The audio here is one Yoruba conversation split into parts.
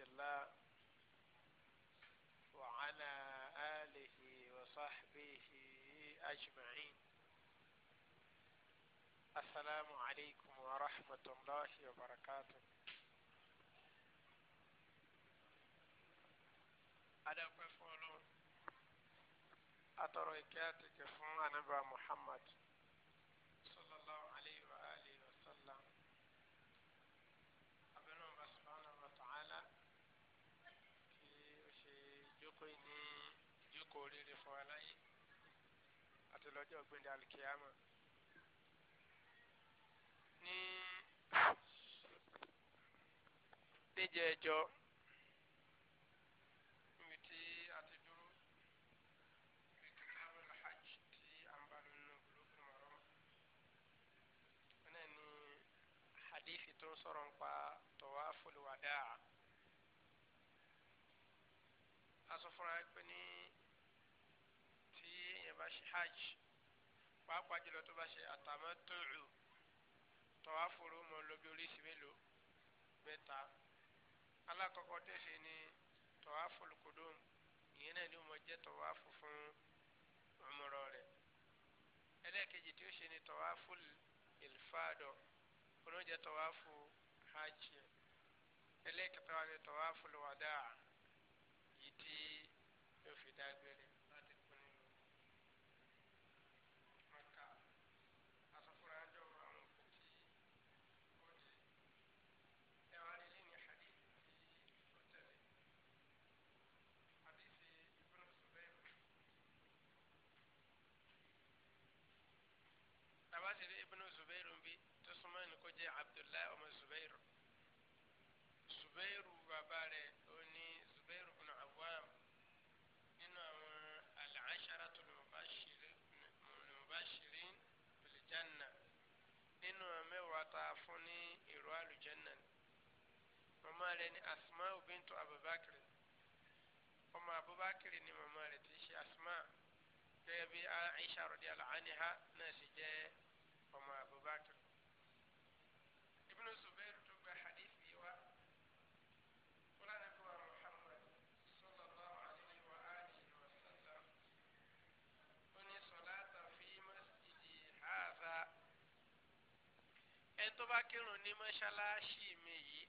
الله وعلى آله وصحبه أجمعين السلام عليكم ورحمة الله وبركاته أنا أقول أتركاتك فمن أنا محمد lọ́jọ́ gbẹ̀ndẹ̀ alikiyama ní níjẹ ẹjọ́ níbi tí a ti dúró níbi kìtàbù alhajj tí a ń bá lónìí náà gbólógùn mọ̀rọ́ náà ní hadithi tó ń sọ̀rọ̀ nípa tawaful wadaa a sọ fúnra pé ní tí èèyàn bá ṣe hajj pàápàá jùlọ tó bá ṣe àtàmọ́tòrò tọ́wá fòrò mọ́ lóbi oríṣi mélòó mẹ́ta alákọ̀ọ́kọ́ tẹ̀sí ni tọ́wá fòlùkọ́dọ́m ìyẹn náà ni ó mọ jẹ́ tọ́wá fò fún ọmọrọ rẹ̀ ẹlẹ́ẹ̀kejì tí ó ṣe ni tọ́wá fò ìlfàdọ̀ oníjẹ́ tọ́wá fò hajj ẹlẹ́ẹ̀kẹta ni tọ́wá fò zubairu bàbá rẹ̀ ó ní zubairu bin awam nínú àwọn al-asharatu al-mubashirin bil-janna nínú mẹ́wàá tá a fún ní ìró àlùjẹ́nà màmá rẹ̀ ní asma bintu abubakar ọmọ abubakar ni màmá rẹ̀ ti ṣe asma gẹ́gẹ́ bí aisha radiyallahu anha náà sì jẹ́ tó bá kírun ní mọ́ṣáláṣí mi yìí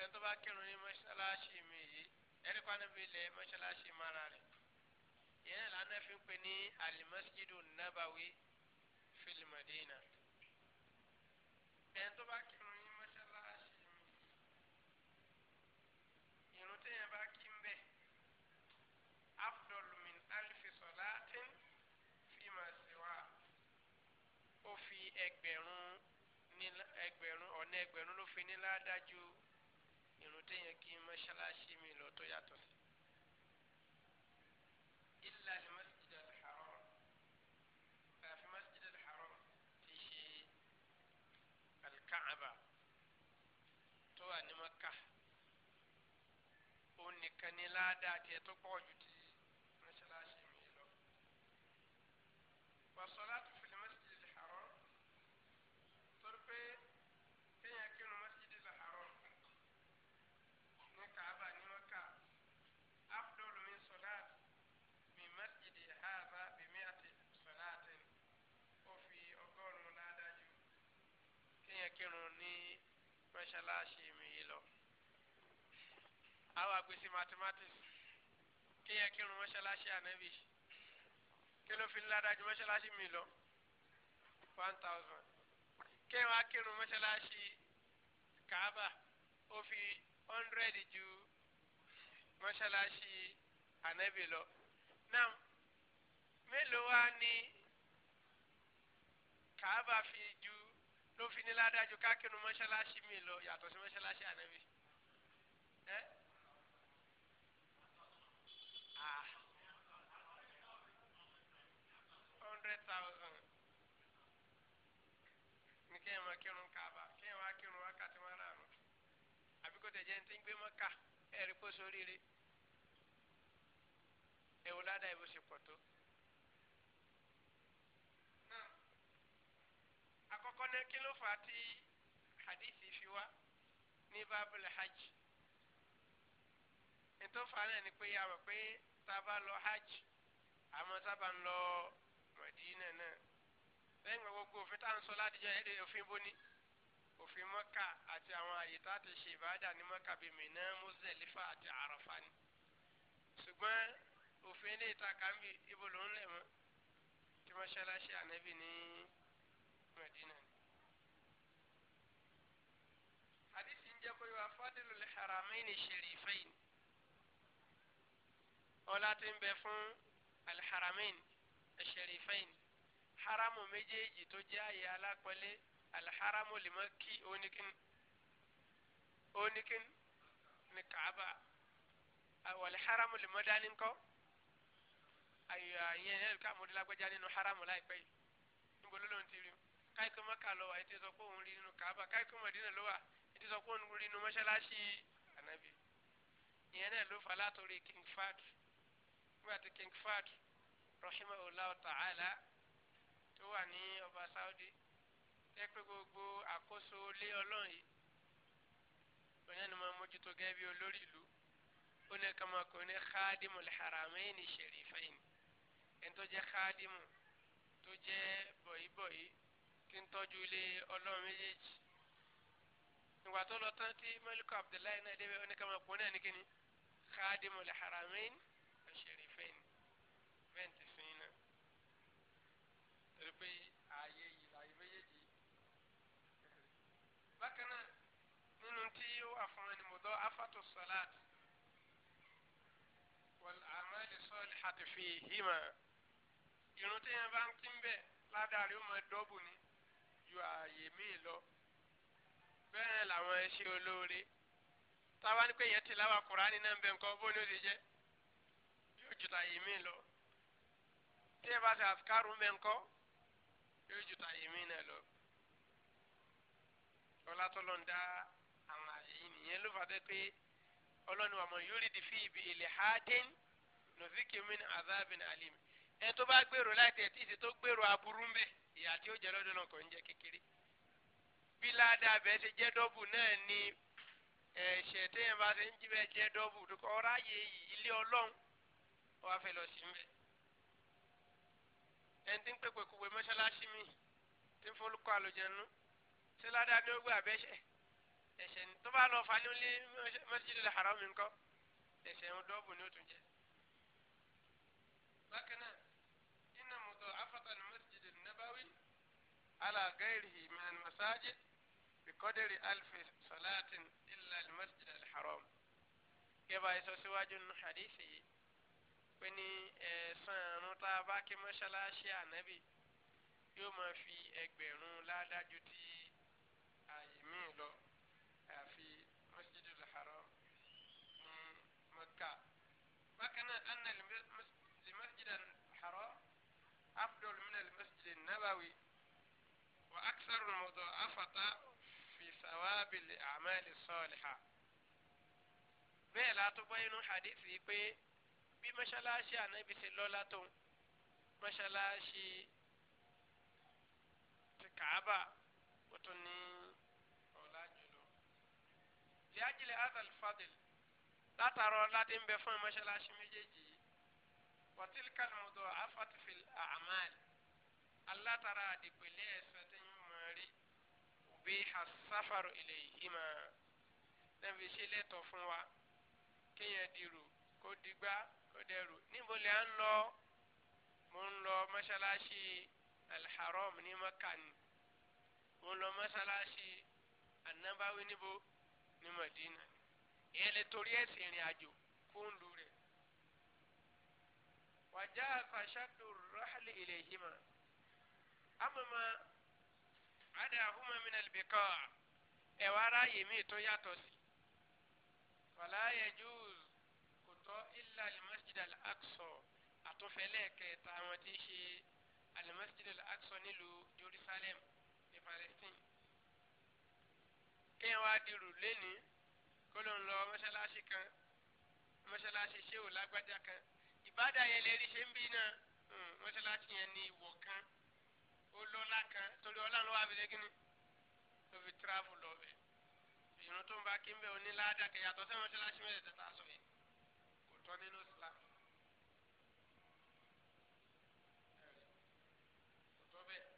ẹni tó bá kírun ní mọ́ṣáláṣí mi yìí ẹni kwanu bi lẹ mọ́ṣáláṣí mara rẹ̀ yẹn náà lánàá fi ń pè ní alimọ́sídù nàbàwí fil Madina ẹni tó bá kírun. ẹgbẹ̀rún ló fi ní ládájú irun téèyàn kí mọ́ṣáláṣí mi lọ tó yàtọ̀ sí. illa ni masjid al-haram àfi masjid al-haram ti ṣe alkaaba tó wà ní maka òun nìkan ní ládàá tiẹ̀ tó pọ̀ ju ti mọ́ṣáláṣí mi lọ. wàsálàtù. mọ́ṣáláṣí mi yìí lọ àwọn àgbèsè mathematics kí yẹ kírun mọ́ṣáláṣí ànábì kí ló fi ń ládájú mọ́ṣáláṣí mi lọ one thousand kí yẹ wá kírun mọ́ṣáláṣí kaaba ó fi hundred ju mọ́ṣáláṣí ànábì lọ náà mélòó wá ní kaaba fi ló fi ní ládájú kákínú mọ́ṣáláṣí mi lọ yàtọ̀ sí mọ́ṣáláṣí ànábì. Ah. hundred thousand ní kéèyàn máa kírun kaaba kéèyàn wá kírun wákàtí márààrún àbí kò tẹ̀jẹ́ ní ti ń gbé mọ́ká ẹ̀rí kó sóríire ẹ̀wò ládàá ìbò ṣe pọ̀ tó. Kilo fati fà hadithi fi wá ní babul hajj ìtòfà náà ni pé a rò pé tá a bá lọ hajj àmọ́ sábà ń lọ Mẹdínà náà lẹ́yìn gbogbo òfin tá à ń sọ ládìjọ́ ẹ̀ ẹ́ òfin bóni òfin Mọ́kà àti àwọn àyè tá a ti ṣe ìbáàdà ní Mọ́kà bíi Mínà Muzdalifa àti Àràfà ni ṣùgbọ́n òfin ilé ìta kan bí ló ń lẹ̀ mọ́ tí mọ́ṣáláṣí ànábì ní. الحرمين الشريفين. ọlá tí ń الشريفين fún alḥaramain sharifain على méjèèjì tó jẹ́ àyè alápẹ̀lẹ́ alḥaramu limaki onikin onikin ni kaaba walḥaramu limadani ńkọ́ ayiwa yẹn yẹn ká mọdé lágbájá nínú haramu láìpẹ́ yìí níbo ló ló ń tiri káyikó maka lọ wa ètò ìsọpọ òun rí nínú kaaba káyikó mọdínà lọ wa ètò ìsọpọ òun rí nínú mọ́ṣáláṣí yìí ìyẹn náà ló fà látòrí king fad nígbà tí king fad rahimahullah ta'ala tó wà ní ọba saudi tẹ́ pé gbogbo àkóso lé ọlọ́run yìí onye ni ma mójútó gẹ́gẹ́ bí olórí ìlú ó ní kama kò ní xaadimu lixaramaini sherifaini ẹni tó jẹ́ xaadimu tó jẹ́ bọ̀yìbọ̀yì tí ń tọ́jú ilé ọlọ́run méjèèjì ìgbà tó lọ tán tí mẹ́líkọ̀ abdullahi náà débẹ̀ ó ní kama kò ní àníkíní. خادم الحرمين الشريفين من سنين ربي آيي لا يبيجي بكنا ننتيو أفمن مضاعفة الصلاة والأعمال الصالحة فيهما ينتهي بانكين بي لا داريو مدوبني ju ààyè míì lọ bẹ́ẹ̀ làwọn ẹṣẹ́ táwa ní yeti yẹn ti láwa kùránì náà ń bẹ nǹkan bó ni ó ti jẹ́ yóò ju tàyè mí lọ tí ẹ bá ṣe àfikàrù ń bẹ nǹkan yóò ju tàyè mí náà lọ ọlátọ́lọ́ ń dá àwọn àyè yìí nìyẹn ló fàdé pé ọlọ́ni wàmọ̀ yóò rí di fi ibi ilẹ̀ ha dín min azabin alim ẹ tó bá gbèrò láti ẹ̀ tí ì ṣe tó gbèrò aburú ń bẹ ìyá tí ó jẹ lọ́dún náà kò ń jẹ kékeré bí ni ẹ̀ṣẹ̀ téèyàn bá ti ń jí bẹ́ẹ̀ jẹ́ dọ́bù dúkọ́ ọ̀rá yẹ ilé ọlọ́run ó wá fẹ́ lọ sí mbẹ́. ẹni tí ń pèpè kúwe mọ́ṣáláṣí mi tí ń fọlùkọ́ àlùjẹ̀nu ṣé ládàá ni ó gbé àbẹ́ṣẹ̀ ẹ̀ṣẹ̀ tó bá lọ fa nílé Masjidil Haram mi ńkọ́ ẹ̀ṣẹ̀ ń dọ́bù ni ó tún bákan náà iná mọ̀tò afọ́tàn Masjidil Nabawi ala gairihi min al-masajid bi الحرام كيف إيسو سواج الحديثي بني سانو طابا كما شلاشي نبي يوم في أكبرون لا دا جوتي أيميلو في مسجد الحرام مكة فكان أن المسجد الحرام أفضل من المسجد النبوي وأكثر المضاعفة bẹ́ẹ̀ látọ́gbọ́ inú hadithi pé bí mọ́ṣáláṣí ànábi ṣe lọ́lá tó mọ́ṣáláṣí ti kàába ó tún ní ọ̀la jùlọ. liajili azal fadil látàrọ láti ń bẹ fún mọ́ṣáláṣí méjèèjì wàtíl kalmudu afatifil amal alátara àdìpẹ̀lẹ́ ẹ̀sẹ̀ tí ń mọ̀ rí òbí hasafaru ilẹ̀ yìí mà ṣe lẹ́tọ̀ fún wa kéèyàn dirò kó digbá kó dẹrù níbo lè à ń lọ mo ń lọ mọ́ṣáláṣí alḥaram ní maka ni mo ń lọ mọ́ṣáláṣí anabawi níbo ní madina ìyẹn lè torí ẹ̀sìn ìrìn àjò kóńdù rẹ̀ wàjà kàṣàdù rọ́hálì ilẹ̀ yìí mà amama adahuma min albika ẹ̀wà ara yèmí tó yàtọ̀ sí wàlá yẹ jùú illa al-masjid al-aqsa àtúnfẹ́lẹ́ kẹta àwọn tí ń ṣe al-masjid al-aqsa nílùú Jerusalem ní Palestine kéèyàn wá dirù lẹ́nìí kó ló ń lọ mọ́ṣáláṣí kan mọ́ṣáláṣí ṣéwò lágbájá kan ìbádà yẹn lè rí ṣe ń bí náà hmm, mọ́ṣáláṣí yẹn ní ìwọ̀ kan ó lọ́lá kan torí ọlá ló wà bẹ́ẹ̀ kí ni ló fi tíráfù lọ bẹ́ẹ̀ ìrún tó ń bá kí ń bẹ́ẹ̀ onílàádà kẹ̀yàtọ̀ sẹ́wọ̀n mọ́ṣáláṣí mẹ́tẹ̀ẹ̀ta sọ yìí ọ̀tọ̀ nínú Islam ọ̀tọ̀ bẹ́ẹ̀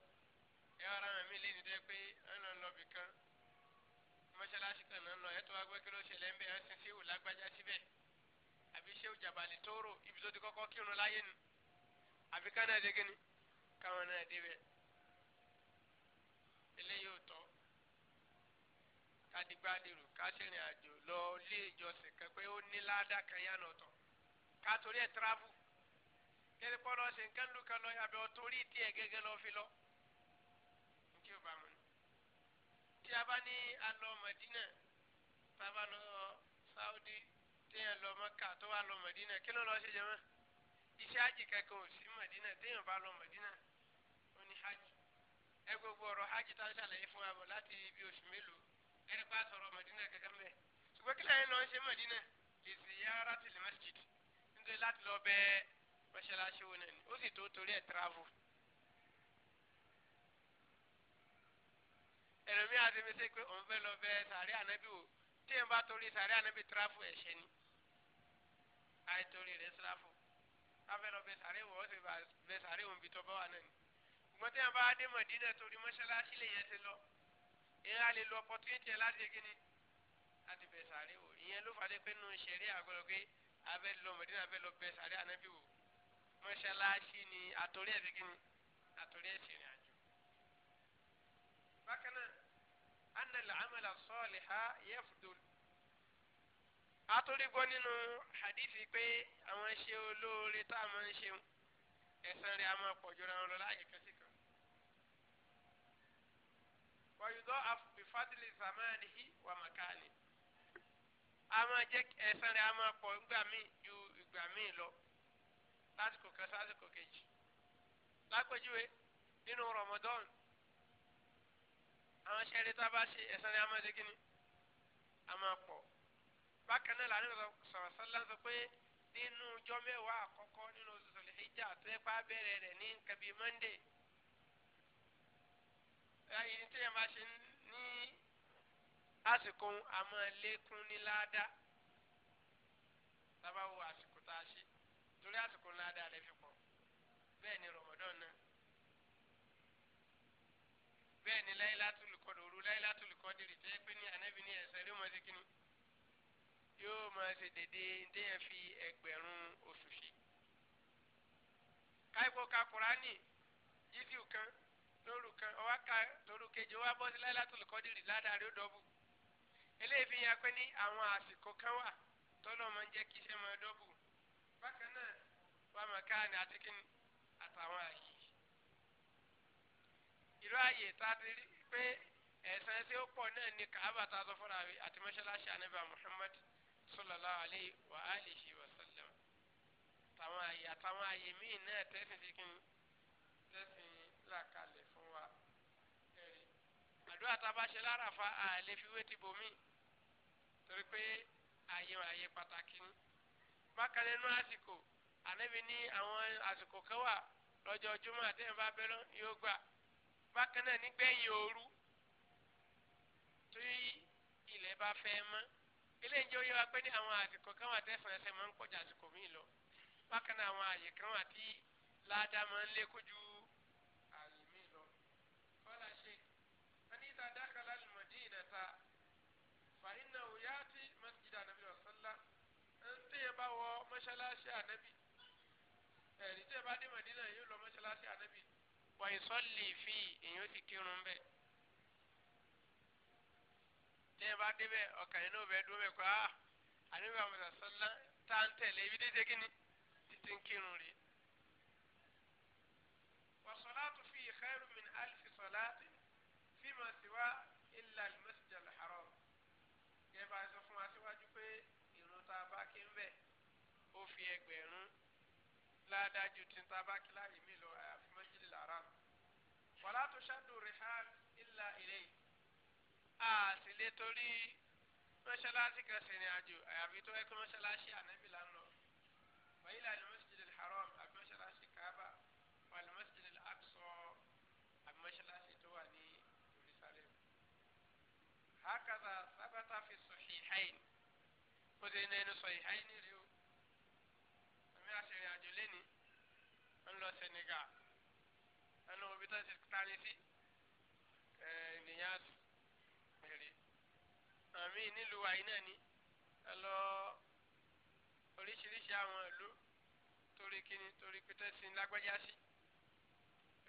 ẹ ara mi mi lé ní dẹ́ pé ẹnà ń lọ bì kan mọ́ṣáláṣí kan náà ń lọ ẹ̀tọ́ agbẹ́ kí ló ṣẹlẹ̀ ń bẹ̀ ẹ̀ sin séwù lágbájá síbẹ̀ àbí séwù jàbàlì tóóró ibi tó ti kọ́kọ́ kírun láyé nu àbí ká náà dé kíni káwọn náà dé bẹ́ẹ̀ eléyìí ò tọ́ kadigbadiro kásìrìn àjò lọ ilé ìjọsìn kan pé ó ní ládàá kan yánà ọ̀tọ̀ ká torí ẹ̀ travel kéde kọ́ lọ́ọ́ ṣe nǹkan ló kan lọ abẹ́ ọ̀tórí tiẹ̀ gẹ́gẹ́ lọ́ọ́ fi lọ. nkí o bá mu ni. tí a bá ní alọ Mẹdínà tá a bá lọ Sáúdí téèyàn lọ Mẹ́kà tó wà lọ Mẹdínà kí ló lọ́ọ́ ṣe jẹ́ mọ́. iṣẹ́ hajj kankan ò sí Mẹdínà téèyàn bá lọ Mẹdínà ó ní hajj. ẹ gbogbo ọ̀rọ̀ hajj tá a ṣàlàyé fún wa bọ̀ láti ibi oṣù mélòó ẹni bá sọ̀rọ̀ Mẹdínà kankan bẹ́ẹ̀. ṣùgbọ́n kí lóò ń lọ ṣe Mẹdínà lè masjid dé láti lọ bẹ mọ́ṣáláṣí wo náà ni ó sì tó torí ẹ̀ travel. ẹlòmíà ti fi ṣe pé òun fẹ́ lọ bẹ sàárẹ̀ ànábì wò tí èèyàn bá torí sàárẹ̀ ànábì travel ẹ̀ṣẹ̀ ni àìtorí rẹ̀ travel afẹ́ lọ bẹ sàárẹ̀ wò ó sì bẹ sàárẹ̀ òun bí tọ́ bá wà náà ni ṣùgbọ́n tí wọ́n bá dé mọ̀dínà torí mọ́ṣáláṣí lè yẹn ti lọ ìyẹn a lè lo opportunity ẹ̀ láti ṣe kíni láti bẹ̀ sàárẹ̀ wò ìyẹn ló fàdé pé nù ṣẹ̀rí àgọ́lọ́ abẹ́ lọ mẹ̀dínà abẹ́ lọ bẹ́ sàrí ànábì wò mọ́ṣáláṣí ni àtòrí ẹ̀ fíkì ni àtòrí ẹ̀ ṣìrìn àjò. bákan náà anna al-amala saliha yafdul. àtòrí gbọ́ nínú hadithi pé àwọn ṣe olóore tá a máa ń ṣeun ẹ̀sán rẹ̀ a máa pọ̀ jọra wọn lọ láàyè kẹsì kan. wàyùdọ́ àfùbífádìlì zamanihi wà màkàní a máa jẹ́ ẹ̀san rẹ̀ a máa pọ̀ ìgbà míì ju ìgbà míì lọ lásìkò kan sásìkò kejì lápèjúwe nínú Ramadan àwọn sẹ́ẹ̀rì tá a bá ṣe ẹ̀san rẹ̀ a máa ṣe kí ni a máa pọ̀ bákan náà lànà sọ̀rọ̀ sọ́lá sọ pé nínú ọjọ́ mẹ́wàá àkọ́kọ́ nínú oṣù Zulhijja tó yẹ pa bẹ̀rẹ̀ rẹ̀ ní nǹkan bíi Monday ẹ̀yin tí yẹn máa ṣe ní àsìkò àmọ́ lékún ní láàdá tábà wo àsìkò tá a ṣe torí àsìkò láàdá rẹ̀ fi pọ̀ bẹ́ẹ̀ ni rọ̀mọ́dọ́n náà bẹ́ẹ̀ ni láyélátúl kọ́dọ̀ òru láyélátúl kọ́dìrì tẹ́ pé ní ànábì ní ẹ̀sẹ̀ rí mọ́ sí kínní yóò máa ṣe dédé téèyàn fi ẹgbẹ̀rún oṣù ṣe. káìpọ̀ ka kùránì yíṣu kan lóru kan ọwá ka lóru kejì ọwá bọ́sí láyélátúl kọ́dìrì ládàá rí ó dọ́bù eléyìí fi hàn pé ní àwọn àsìkò kan wà tọ́lọ́ máa ń jẹ́ kí iṣẹ́ máa dọ́bù bákan náà wà á máa ká ní àti kíni àtàwọn àyè irú àyè tá a ti rí pé ẹ̀sán tí pọ̀ náà ni kàábà tá a sọ fúnra rẹ̀ àti mọ́ṣáláṣí ànábà Muhammad sallallahu alayhi wa alihi wa sallam tàwọn àyè àtàwọn àyè míì náà tẹ́sìn sí kíni tẹ́sìn là àdúrà tá a bá ṣe láràfà àlè fi wé ti bòmí torí pé àyè àyè pàtàkì ni bákan nínú àsìkò ànábi ní àwọn àsìkò kan wà lọ́jọ́ júmọ́ àtẹ̀yìn bá bẹ́rẹ̀ yóò gbà bákan náà nígbẹ̀yìn ooru tí ilẹ̀ bá fẹ́ mọ́ eléyìí jẹ́ oyè wa pé ní àwọn àsìkò kan wà tẹ̀sán ẹsẹ̀ máa ń pọ̀jà àsìkò míì lọ bákan náà àwọn àyè kan wà tí ládàá máa ń lékún mọ́ṣáláṣí ànábì ẹ̀rí tẹ́ bá dé màdínà yóò lọ mọ́ṣáláṣí ànábì wà ìsọ́lì fi èyàn ti kírun bẹ́ẹ̀ tẹ́ bá dé bẹ́ẹ̀ ọkàn yìí náà bẹ́ẹ̀ dúró bẹ́ẹ̀ kọ́ ah ànábì àwọn sàṣọ́lá tá ń tẹ̀lé ibi dédé kíni títí ń kírun rè wà sọ́lá tó fi khairu min alfi sọ́lá fi mọ̀ síwá. dájú tí n ta bá kí láàyè mi lọ àyàfi mọ́jìlì làrá wàlá tó ṣàdù rihal ilà ilé a sì lè torí mọ́ṣáláṣí kan sì rìn àjò àyàfi tó ẹkọ mọ́ṣáláṣí ànábì là ń lọ wàyí là ní mọ́ṣíjìlì haram àbí mọ́ṣáláṣí kaaba wà ní mọ́ṣíjìlì aksọ àbí mọ́ṣáláṣí tó wà jerusalem hakaza sábàtà fi sọ̀hìn hain ó ti ní Senegal ẹnu omi tó ti tani sí ẹ ènìyàn àtù èrè àmì nílùú wa iná ni ẹ lọ oríṣiríṣi àwọn ìlú torí kíni torí pété sí lágbájá sí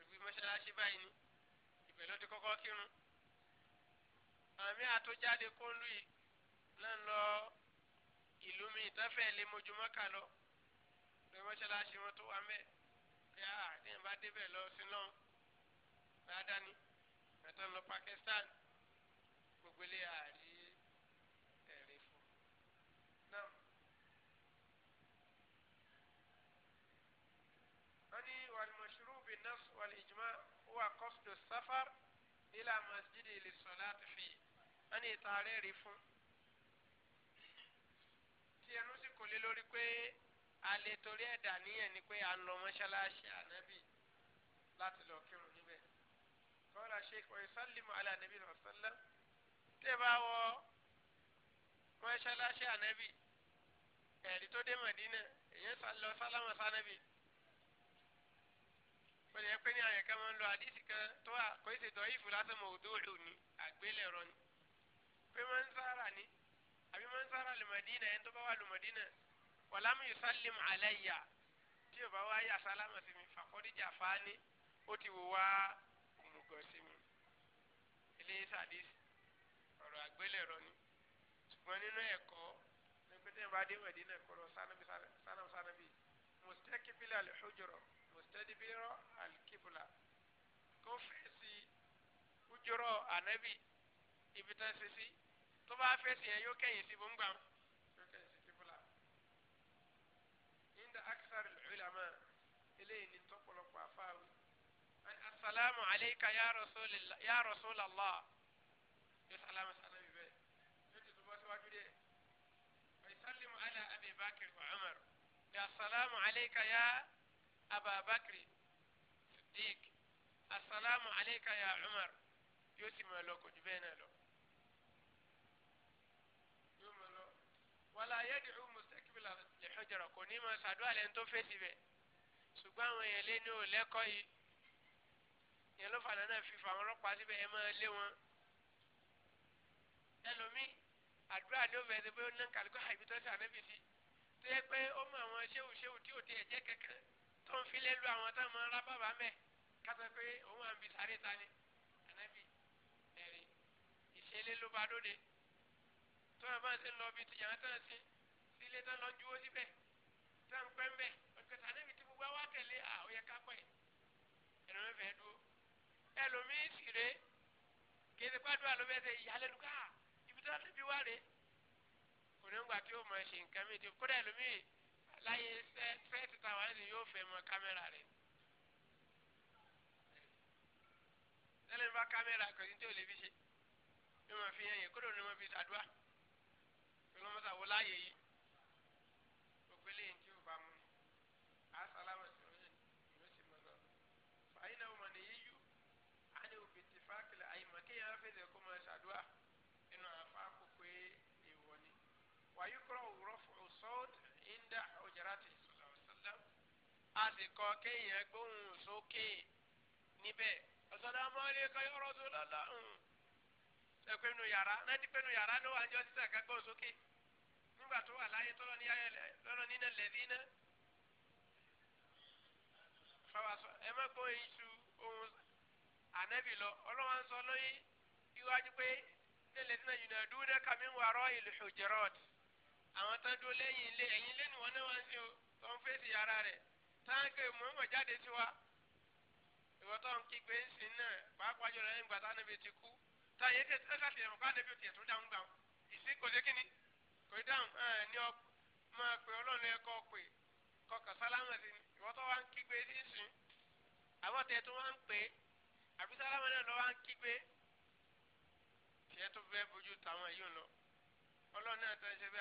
ìlú mọ́ṣáláṣí báyìí ni ìbẹ̀ ló ti kọ́kọ́ kírun àmì àtújáde kóńlù yìí náà ń lọ ìlú mi ìtọ́fẹ́ lé mojúmọ́ kà lọ lọ mọ́ṣáláṣí wọn tó wà mẹ́ẹ̀ yàrá àdéhùn bá débẹ̀ lọ sí náà dáadáa ni ẹ̀tọ́ ń lọ Pakistan gbogbo ilé àárí ẹ̀rí fún náà. wọ́n ní wàlúmọ̀ṣúrú bíi nọ́ọ̀sì wàlúìjùmọ́ wà kọ́sùdù sáfàr ilà masjid ilé sọ̀lá ti fi wọ́n ní ìta rí fún. tí ẹnu sì kò lé lórí pé alẹ́ torí ẹ̀dà níyẹn ni pé à ń lọ mọ́ṣáláṣí ànábì láti lọ kírun níbẹ̀ kọ́lá sheikh ọ̀yẹ́sálìmù alẹ́ ànábì náà sọ́lá tẹ́ bá wọ mọ́ṣáláṣí ànábì ẹ̀rí tó dé mọ̀dínà èyàn lọ sálámà sánábì pẹ̀lú ẹ̀pẹ́ ní àyẹ̀kẹ́ máa ń lo àdísì kan tó wà kò ṣe tọ́ ìfù lásán mọ̀ òdò ní àgbélẹ̀rọ ni pé máa ń sára ní àbí máa ń sára lùmọ̀dínà ẹni tó bá wà lùmọ̀dínà wàlámù yusallim alayya tí o bá wá yà sálámà sí mi fàkọ́díjà fáání ó ti wò wá òmùgọ̀ sí mi eléyìí sàdís ọ̀rọ̀ àgbélẹ̀rọ ni ṣùgbọ́n nínú ẹ̀kọ́ nígbàtí bá dé Mẹdínà kọ̀rọ̀ sánábì sánábì mùsítẹ́kìbìlà al-hujra mùsítẹ́dìbìrọ̀ al-qibla kó fèsì ujúrọ̀ ànábì ibi tán ṣe sí tó bá fèsì yẹn yóò kẹ́yìn sí bó salamu alayka ya rasulillah ya rasulallah yóò salamu salamu bẹ́ẹ̀ yóò ti tubọ́ síwájú dẹ́ wa yusallimu ala abi bakr wa umar ya salamu alayka ya aba bakr siddiq asalaamu alayka ya umar yóò ti máa lọ kò ju bẹ́ẹ̀ náà lọ. yóò máa lọ wàlá yẹ́dìí mustaqbila lẹ́xọ́jọ́rọ̀ kò ní máa ṣàdúrà lẹ́nu tó ìyẹn ló fàánà náà fífa àwọn ọlọ́pàá síbẹ̀ ẹ máa lé wọn. ẹlòmí àdúrà ni ó bẹ̀rẹ̀ ṣe pé ó ná kàlùkù àìbí tó ṣe ànábì sí tó yẹ pé ó mọ àwọn ṣéwù ṣéwù tí ò ti ẹ̀jẹ̀ kankan tó ń filẹ̀ lu àwọn tó máa rá bàbá mẹ́ kátó pé òun à ń bi sáré ta ni ànábì ẹ̀rí ìṣẹ̀lẹ̀ ló bá dóde tó wọn bá ń ṣe lọ bí tìyàn tán sí sílé tán lọ juwó síbẹ̀ tán pẹ́ mbẹ́ ọ̀gbẹ́ta ànábì ti ẹlòmíín sì rè kéde pàdúrà ló bẹ́ẹ̀ sẹ́ ìyálẹ́nu ká ibi tó lè fi wá rè onígbà tí ó mọ ṣe nǹkan mi tí kódà ẹlòmíín láyé sẹ́ fẹ́ẹ̀tì táwa ni yóò fẹ́ mọ kámẹ́rà rẹ̀ lẹ́nu bá kámẹ́rà kò sí lè fi ṣe ní wọn fi yẹn yẹn kódà ní wọn fi ṣàdúrà ní wọn mọ̀ sàwọ́ láàyè yìí. a sì kọ kéèyàn gbóhùn sókè níbẹ̀ assalamu alayka ya rasulullah ẹ̀pẹ́ nu yàrá náà ti pẹ́ nu yàrá ló wà ń jọ sísè ká gbóhùn sókè nígbà tó wà láyé tọ́lọ́ ní ayẹ lọ́nà nínà lẹ́bí náà fọwọ́sọ ẹ má gbóhùn iṣu ohun ànábì lọ ọlọ́wọ́n sọ lóyún iwájú pé nílẹ̀ nínà yìí náà dúró dẹ́ kàmí wàrọ̀ ìlú hujurat àwọn tó dúró lẹ́yìn ilé ẹ̀yìn ilé nìwọ́n náà wá ń ṣe tó fèsì yàrá rẹ̀ táǹkì mọ̀ọ́mọ̀ jáde sí wa ìwọ́tọ́ ń kígbe ń sìn náà pàápàá jọ̀rọ̀ ẹ̀ ń gbà tánàbí ti kú táyé tẹ̀ tẹ́ sàtì ẹ̀mọ̀ ká níbi òtìyẹ̀ tó dáhùn gbà ìsín kò sí kínní kò dáhùn ẹ̀ ní ọ máa pè ọlọ́run ẹ̀ kọ́ pè kọkàn sálámà sí ni ìwọ́tọ́ wa ń kígbe ní sìn àwọn tẹ̀ tó wá ń pè àbí sálámà náà lọ wá ń kígbe tiẹ̀ tó fẹ́ bójú táwọn yìí lọ ọlọ́run náà tẹ́ ṣe ní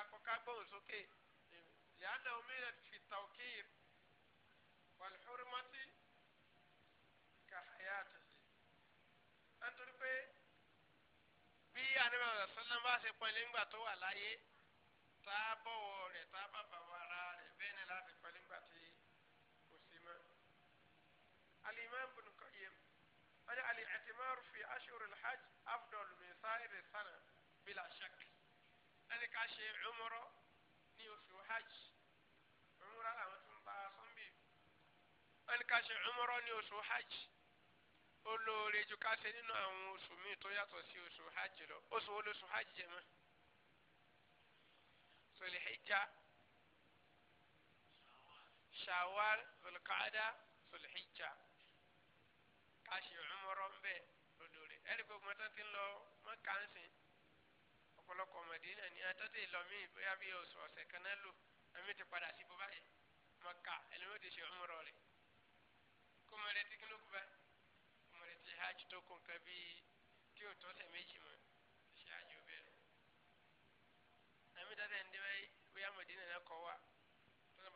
أكوكابوس أوكي لأنه من في التوكيل والحرمة كحياته أنت ربي بي أنا يعني ما أصلا ما سيقول لهم باتو على أي تابو رتابا بمارا لبين لا سيقول لهم باتي وسيما الإمام بن قيم قال الاعتمار في أشهر الحج أفضل من سائر السنة بلا شك ẹni ká ṣe umrọ ní oṣù hajj umrọ làwọn tún bá sọ́nbì ẹni ká ṣe umrọ ní oṣù hajj ó lóore ju ká ṣe nínú àwọn oṣù míì tó yàtọ̀ sí oṣù hajj lọ oṣù wo lóṣù hajj jẹ mọ́ Zulhijja Shawwal Zulqaada Zulhijja ká ṣe ń bẹ lóore ẹni gbogbo mọ́tò ti ń lọ mọ́kànsìn ọ̀pọ̀lọpọ̀ mọ̀dínà ni atọ́tẹ̀ ìlọmí bóyá bí oṣù ọ̀sẹ̀ kan náà lò ẹ̀mí ti padà sí bọ́bá yẹn mọ̀ká ẹlẹ́mọ̀ ti ṣe ọmọrọ̀ rẹ̀ kó mọ̀ rẹ̀ tí kí ló kú bá kó mọ̀ rẹ̀ tí hajj tó kún kan bí tí ò tọ́sẹ̀ méjì mọ̀ ṣe hajj ó bẹ̀rẹ̀ ẹ̀mí tọ́tẹ̀ ń dé bóyá mọ̀dínà náà kọ́ wà tó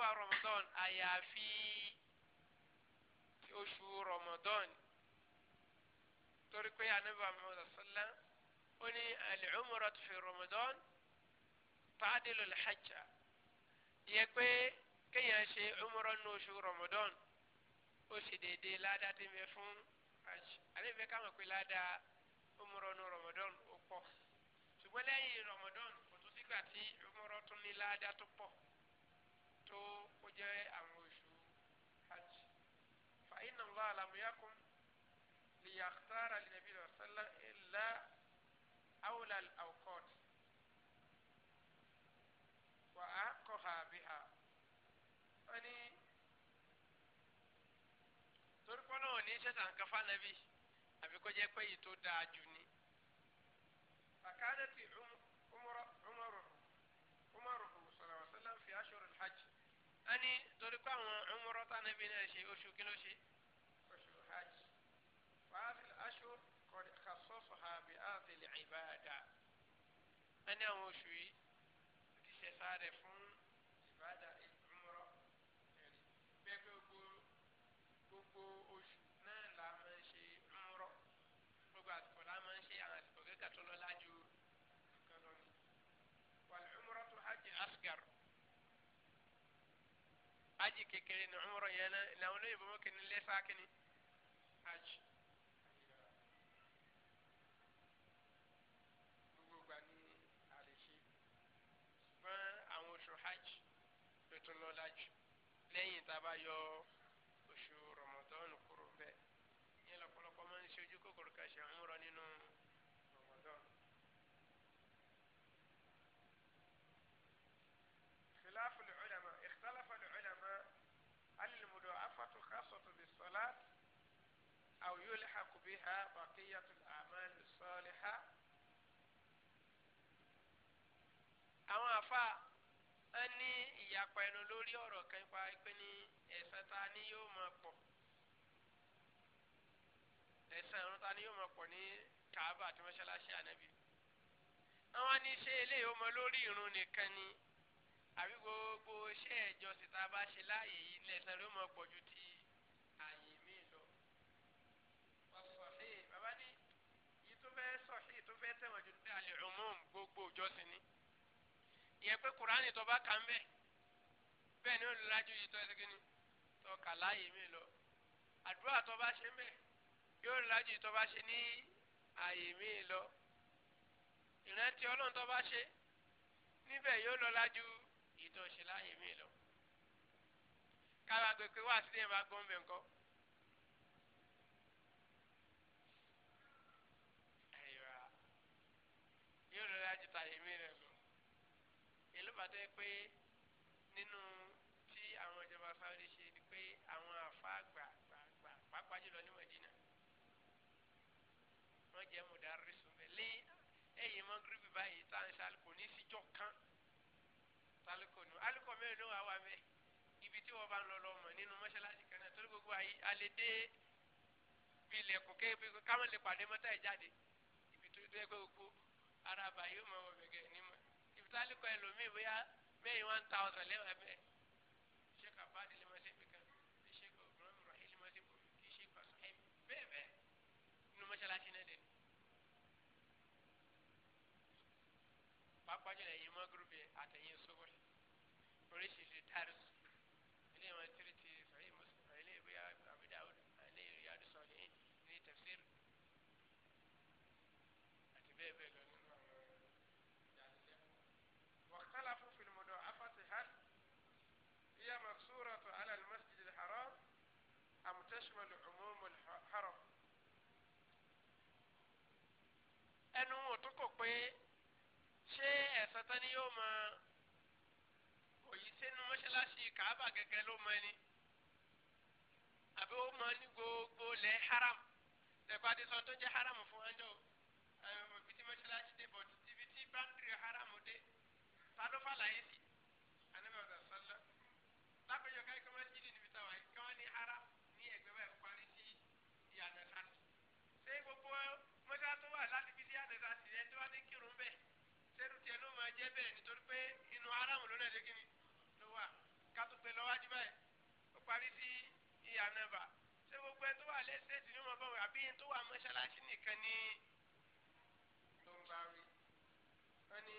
mẹ́wàá rọmọdán àyàfi oṣù rọmọdán torí pé anabi muhammad sallá ó ní al-umrah fi rọmọdán ta'dilu al-hajja yẹ pé kéèyàn ṣe umrah ní oṣù rọmọdán ó ṣe déédéé ládàá tí mi fún àjì àlẹ́ ìfẹ́ káwọn pé ládàá umrah ní rọmọdán ó pọ̀ ṣùgbọ́n lẹ́yìn rọmọdán kò tún sígbà tí umrah tún ní ládàá tó pọ̀ tó ó jẹ́ àwọn oṣù hajj fa inna Allah lam yakun li yakhtara li nabi sallallahu alaihi wasallam illa awla al-awqat wa aqaha biha ani torí kọ́ kafa nàbí àbíkọ́jẹ́ pé yìí tó dáa jù ní. fàkàdé ti rún. a ní torí pé àwọn ọmọọrọ tá nàbí náà ṣe oṣù kí ló ṣe oṣù hajj fàáfìlì aṣọ kọ̀dí kàṣọ́fù ha bí àfìlì ìbáàdà a ní àwọn oṣù yìí ti ṣe sáré fún kékeré ní ọmọ rẹ̀ yẹn náà làwọn olóyìnbó mọ́ kìíní lẹ́sà kìíní hajj. gbogbo ìgbà ni a lè ṣe ṣùgbọ́n àwọn oṣù hajj ló tún lọ́la jù lẹ́yìn tá yọ afa ẹni ìyapa ẹnu lórí ọ̀rọ̀ kan pa pé ní ẹ̀sán ta ni yóò máa pọ̀ ẹ̀sán ẹ̀rún ta ni yóò máa pọ̀ ní kaaba àti mọ́ṣáláṣí ànábì àwọn ní ṣe eléyìí ó mọ lórí irun nìkan ni àbí gbogbo iṣẹ́ ìjọsìn tá a bá ṣe láàyè yìí lẹ́sẹ̀ ló mọ pọ̀ ju ti àyè mi lọ. wàsọ̀hí bàbá ní yìí tó fẹ́ sọ̀hí tó fẹ́ tẹ̀wọ̀n ju ti àlè ọmọ gbogbo ìjọsìn ni ìyẹn pé kuraani tó bá kà ń bẹ bẹ́ẹ̀ ni ó lè lájú yìí tó ẹ segin ni tó kà láàyè mi lọ àdúrà tó bá ṣe ń bẹ yóò lè lájú yìí tó bá ṣe ní àyè mi lọ ìrántí ọlọ́run tó bá ṣe níbẹ̀ yóò lọ lájú yìí tó ṣe láàyè mi lọ kára gbèpè wá sílẹ̀ máa gbọ́n bẹ̀ ńkọ́. yóò lọ lájú tàyè mi fà tẹ́ pé nínú tí àwọn ìjọba Saudi ṣe ni pé àwọn àfa gbàgbàgbà pàápàá jùlọ ní Madina wọ́n jẹ́ mùdárìsù bẹ́ẹ̀ lé ẹ̀yìn mọ́ gírípì báyìí tá à ń ṣàlùkò ní síjọ́ kan ṣàlùkò nù alùkò mẹ́rin ló wà wà mẹ́ ibi tí wọ́n bá ń lọ lọ́mọ nínú mọ́ṣáláṣí kan náà torí gbogbo àyè alẹ́ dé bí ilẹ̀kùn kẹ́ bí káwọn lè pàdé mọ́tà ẹ̀ jáde ibi tó dé gbogbo ara bàyí ó mọ̀ wọ́n bẹ̀gẹ́ sálíkọ ẹlòmíì bóyá mẹ́yìn one thousand lẹ́wọ̀n ẹ̀mẹ́ ṣé ká bá délé máa ṣe bìkan bí ṣe kò gbọ́n mi rọ̀ ẹ́ lè máa ṣe bò kí ṣe kò sọ ẹ̀ bẹ́ẹ̀ bẹ́ẹ̀ nínú mọ́ṣáláṣí náà dẹ̀nu. pápá jùlọ ẹ̀yin mọ́gúrúbì àtẹ̀yìn sọ́wọ́ oríṣiríṣi dárúsù. ẹnu òtún kò pé ṣé ẹ̀sán tán ni yóò mọ òyì sínú mọ́ṣáláṣí kàábà gẹ́gẹ́ ló mọ ẹni àbí ó mọ ní gbogbo lẹ́ haram ẹ̀kọ́ adé sọ tó jẹ́ haram fún ẹjọ́ ibi tí mọ́ṣáláṣí dé bọ̀ ibi tí báńdìrì haram dé ta ló fà láyé sí anábẹ́ọ̀dà sọ́lá lápẹjọ káyọ̀. náà ṣe kíni ló wà ká tó gbé lọ́wọ́ ajíbáyé ó parí sí ìyá nẹ́bà ṣé gbogbo ẹ tó wà lẹ́sẹ̀tì ní ọmọbọ̀wé àbí tó wà mọ́ṣáláṣí nìkan ní ló ń bá rí wọn ni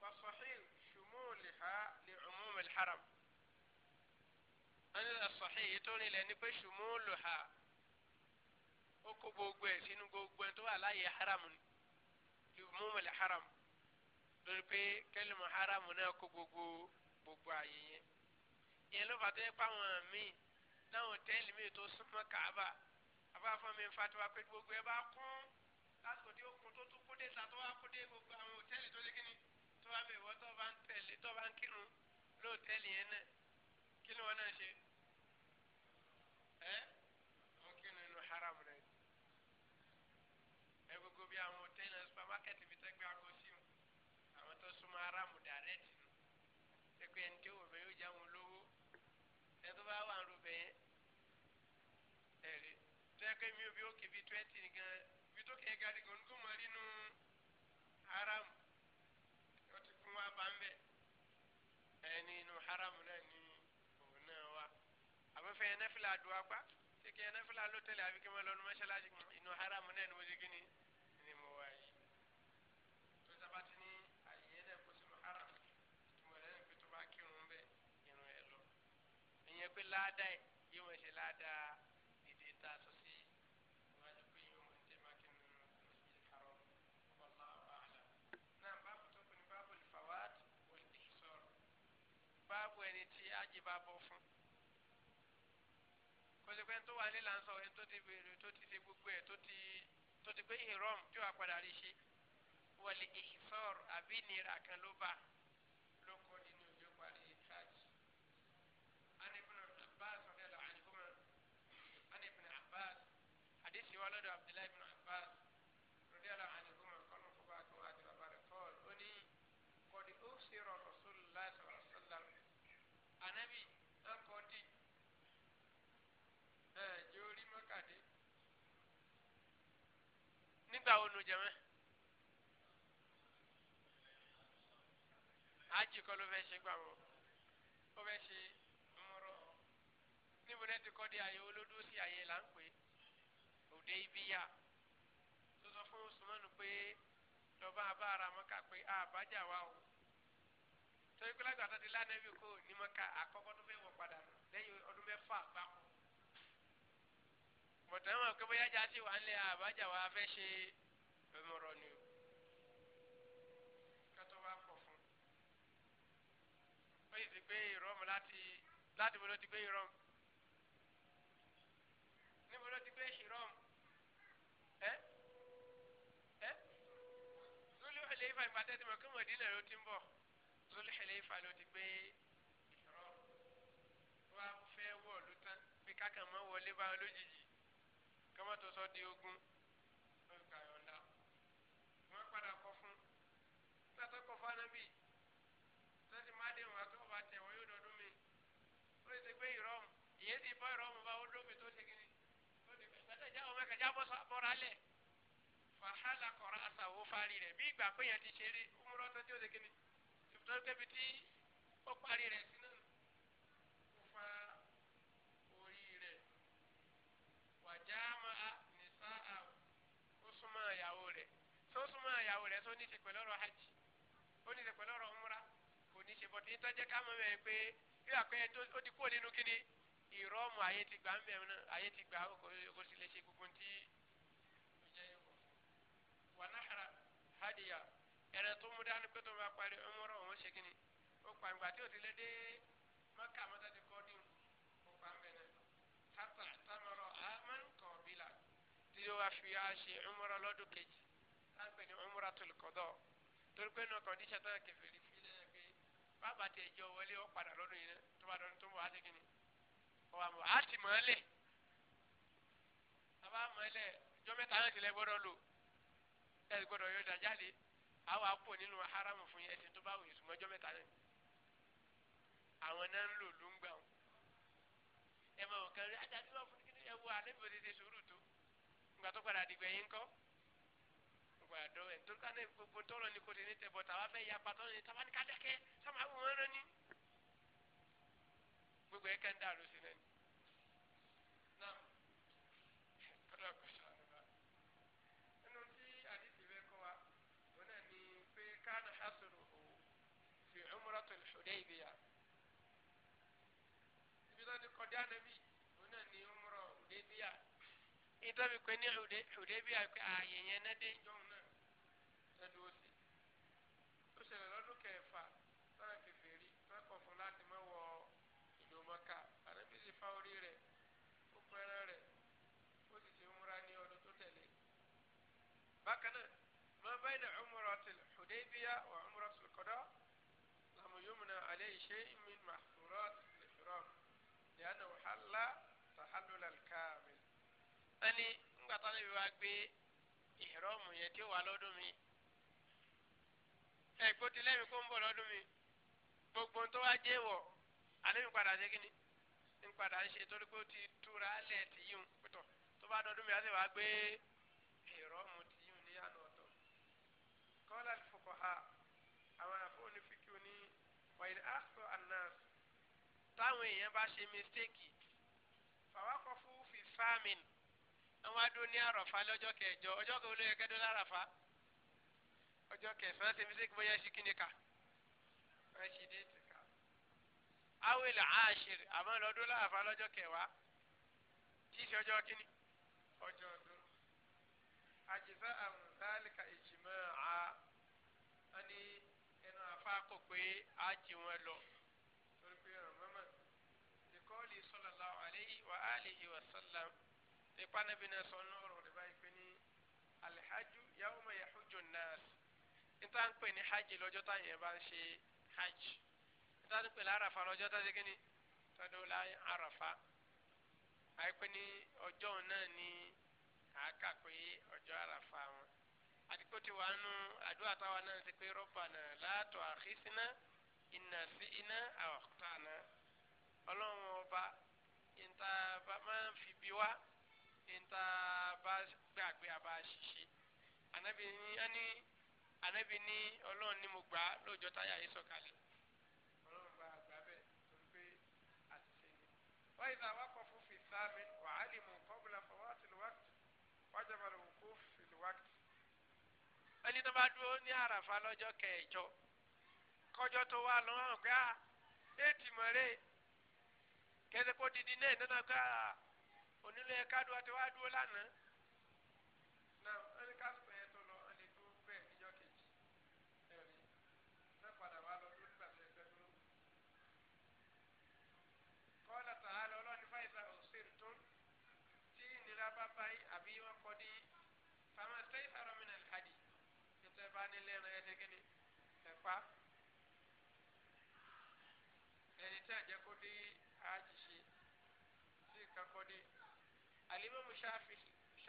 wàsọ̀hí ṣùmọ́ọ̀lìhà lè ọmọọ̀mọ̀lì haram wọn ni wàsọ̀hí tó rinlẹ̀ ni pé ṣùmọ́ọ̀lùhà ó kó gbogbo ẹ̀ sínú gbogbo ẹ̀ tó wà láàyè haram ni ọmọọ̀mọ̀lì haram lórí pé kẹlẹmọ haramu náà kó gbogbo gbogbo àyè yẹn ìyẹn ló fàtọ́ yẹ pàwọn míì láwọn tẹ́lẹ̀ míì tó súnmọ́ kàába abáfọ́ mi ń fatiwa pé gbogbo ẹ bá kún lásìkò tí ó kún tó tún kúndé sa tó wá kúndé gbogbo àwọn òtẹ́ẹ̀lì tó lé kíni tó wá bẹ̀ wọ́n tó bá ń tẹ̀lé tó bá ń kírun lóòtẹ́ẹ̀lì yẹn náà kí ni wọ́n náà ṣe ẹ́. Eh? kẹ́ mi ò bí ó kì bí twenty nìkan ibi tó kẹ́ gari kò ń kó mọ́ nínú haram ó ti fún wa bá ń bẹ̀ ẹni inú haram náà ní òun náà wá àbẹ́fẹ́ yẹn náà fi là dùn apá ṣé kẹ́ yẹn náà fi là ló tẹ̀lé àbí kí wọ́n lọ ní mọ́ṣáláṣí inú haram náà ni mo ṣe kí ni ni mo wá yìí tó sábà ti ní àyè yẹn náà kó sínú haram mo rẹ̀ ní pé tó bá kírun bẹ́ẹ̀ irun ẹ̀ lọ ìyẹn pé láàdá yìí wọ́n ṣe aláàjì bá bọ́ fún kó sì pé ń tó wà nílà ń sọ ẹni tó ti bèrè tó ti ṣe gbogbo ẹ̀ tó ti tó ti pé ìrọ̀m tí wàá padà rí ṣe wọlé ìsọ̀rọ̀ àbí ìnira kan ló bá a. ta wo nu jẹmẹ hajj kọ́ ló fẹ́ ṣe gbà wọ ó fẹ́ ṣe múrọ níbo náà ti kọ́ di àyè olódó sí àyè là ń pè òde ibi yá tó sọ fún usman pé lọ́ba abá ara mọ́ka pé àbájá wa o torí pé lágbàtà ti lánàá bí kò ní mọ́ka àkọ́kọ́ tó fẹ́ wọ̀ padà lẹ́yìn ọdún mẹ́fà gbáko bọ̀tẹ́ mọ̀ pé bóyá ajá ti wà ń lé àbájá wa fẹ́ ṣe ọmọrọ̀ ni o kátó wá pọ̀ fún un ó sì ti gbé ìrọ́mù láti láti bolo ti gbé ìrọ́mù níbo ló ti gbé ìrọ́mù ẹ́ ẹ́ lórí ọ̀lẹ́ ìfà ìgbà tẹ́tí mọ̀ kí mọ̀dínà ló ti ń bọ̀ lórí ọ̀lẹ́ ìfà ló ti gbé ìrọ́mù wá fẹ́ wọ̀ ló tán bí kákan mọ́ wọlé bá lójijì. Kama tó sọ di ogun lórí kàyọ̀ǹda wọ́n padà kọ́ fún nígbà tó kọ́ fún anábì sọ́sì má dé wọn àtọ́wọ́ bá tẹ̀ wọ́n yóò dọdún mi ó sì ti gbé ìrọ́mù ìyẹn ti bọ́ ìrọ́mù bá ó dómi tó ṣe kíni ó ti bẹ̀rẹ̀ sọ́tẹ̀ já ọmọ kẹjá bọ́ sọ́ra lẹ̀ fàhálà kọ̀ọ̀rọ̀ àṣàwò fárí rẹ̀ bí ìgbà pé yẹn ti ṣeré ó múrọ́ tó ti ó ṣe kíni tó kébi tí ó parí rẹ̀ sínú tó ní ṣe pẹ̀lú ọ̀rọ̀ hajj ó ní ṣe pẹ̀lú ọ̀rọ̀ umra kò ní ṣe bọ́tí ìtọ́jẹ́ ká mọ̀ mẹ́rin pé bí wàá pé ó ti kúrò nínú kíni ìrọ́mù ayé ti gbà ń bẹ̀rù náà ayé ti gbà kò sì lè ṣe gbogbo ti ìjẹ́ yòókù. wàhálà hadiya ẹ̀rẹ̀ tó mú dání pé tó máa parí umra òun ṣe kíni ó pa ìgbà tí ò ti lé dé mọ́kà mọ́tà ti kọ́ dín tí ó wá fi á ṣe umra lọ́dún kejì táǹpẹ̀ ní umratul qada torí pé náà kọ̀ndíṣà tó yàn kẹfẹ́ rí fílẹ̀ náà pé bàbá tẹ̀ jọ wọlé ó padà lọ́dún yìí náà tó bá dọ́dún ti kìíní ọ̀wà mọ̀ á ti mọ̀ ẹ́ lẹ̀ àbá mọ̀ ẹ́ lẹ̀ jọ mẹ́ta náà ti lẹ́ gbọ́dọ̀ lò ẹ gbọ́dọ̀ yọ ọjà jáde àwọn àpò nínú haramu fún yẹn ẹsìn tó bá wòye sùnmọ́jọ́ mẹ́ta náà àwọn náà ń lò ló ń gbà wọn ẹ mọ̀ kàn rí ajá tí wọ́n fún kí ẹ wo àlẹ́ bí o ti ṣe sùúrù tó ìgbà tó padà dìgbẹ̀yìn kọ́ gbọ́dọ̀ àdọ́wẹ̀ torí ká ní gbogbo tọrọ ni kò ní tẹ̀bọ̀ tàwa bẹ́ẹ̀ ya pàtó ni tàwa ní ká dákẹ́ sábà wù wọ́n rẹ́ni. gbogbo ẹ̀ kẹ́ ń dàrú sí náà ni. náà kọ́dọ̀ kò sànù bá. nínú tí àdìsí bẹ́ẹ̀ kọ́ wa wọn náà ní pé káàdà hasùrù òwò fi umratul Hudaybiyah. ibi náà ni kọ́dá nàbí wọn náà ní umra Hudaybiyah ìtọ́bi pé ní Hudaybiyah pé ààyè yẹn náà dé jọ́hún náà. بين عمرة الحديبية وعمرة القضاء لم يمنع عليه شيء من محظورات الإحرام لأنه حل تحلل الكامل أني نقطع بواقبي إحرام يتي ولدمي ẹ̀kọ́ ti lẹ́mi kó ń bọ̀ lọ́dún mi gbogbo tó wá jẹ́ wọ̀ alẹ́ mi padà ṣe kí ni ń padà ṣe torí pé ó ti túra lẹ̀ tì yín pẹ̀tọ̀ tó bá dọdún mi á sì wá gbé kọ́lá fòkòhá àwọn àfọwọ́nì fíkì òní wàyí àkùtọ̀ anas táwọn èèyàn bá ṣe mistake fàwákọ̀ fún fífámin àwọn adó ní àròfá lọ́jọ́ kẹjọ ọjọ́ kan olóyè kẹdó láràfá ọjọ́ kẹsàn-án ṣe mistake bóyá ṣì kíni ká ẹ ṣì dé tì ká. awele aṣèrè àmọ́ lọ́dún láràfá lọ́jọ́ kẹwàá tí ì ṣe afa kò pé a jì wọn lọ torí pé rọmọmọ nìkọ́ọ̀lì sọlọ́lá àlẹ́yìí wà á lè yí wà sọ́lá nípa nàbí náà sọ ní ọ̀rọ̀ rẹ̀ báyìí pé ní alihaju yàwó ma nas níta ń pè ní hajj lọ́jọ́ táyà bá ń ṣe hajj níta ń pè lárafa lọ́jọ́ táyà kí ni tọ́dọ̀ láyé àràfà àìpé ní ọjọ́ náà ní àákà pé ọjọ́ àràfà wọn àti pé ti wà nù àdúrà táwa náà ti pé rabbana la tu'akhidhna in nasi'na aw akhta'na ọlọ́run ọba ìta bá máa ń fi bí wá ìta bá gbàgbé àbá ṣiṣẹ́ anabi ní ẹni anabi ní ọlọ́run ni mo gbà á lóòjọ́ táyà yìí ba ọlọ́run bá gbà bẹ́ẹ̀ torí pé àṣìṣe ni. wọ́n ìta wákọ̀ fún fìsámi ẹni tó bá dúró ní àràfà lọ́jọ́ kẹjọ kọjọ tó wà lọ́wọ́ hàn pé ah, déètì mọ̀rẹ́ kẹsẹ̀ kó didi náà nínú ọgbà ah, onílé kádùá tó wá dúró lánàá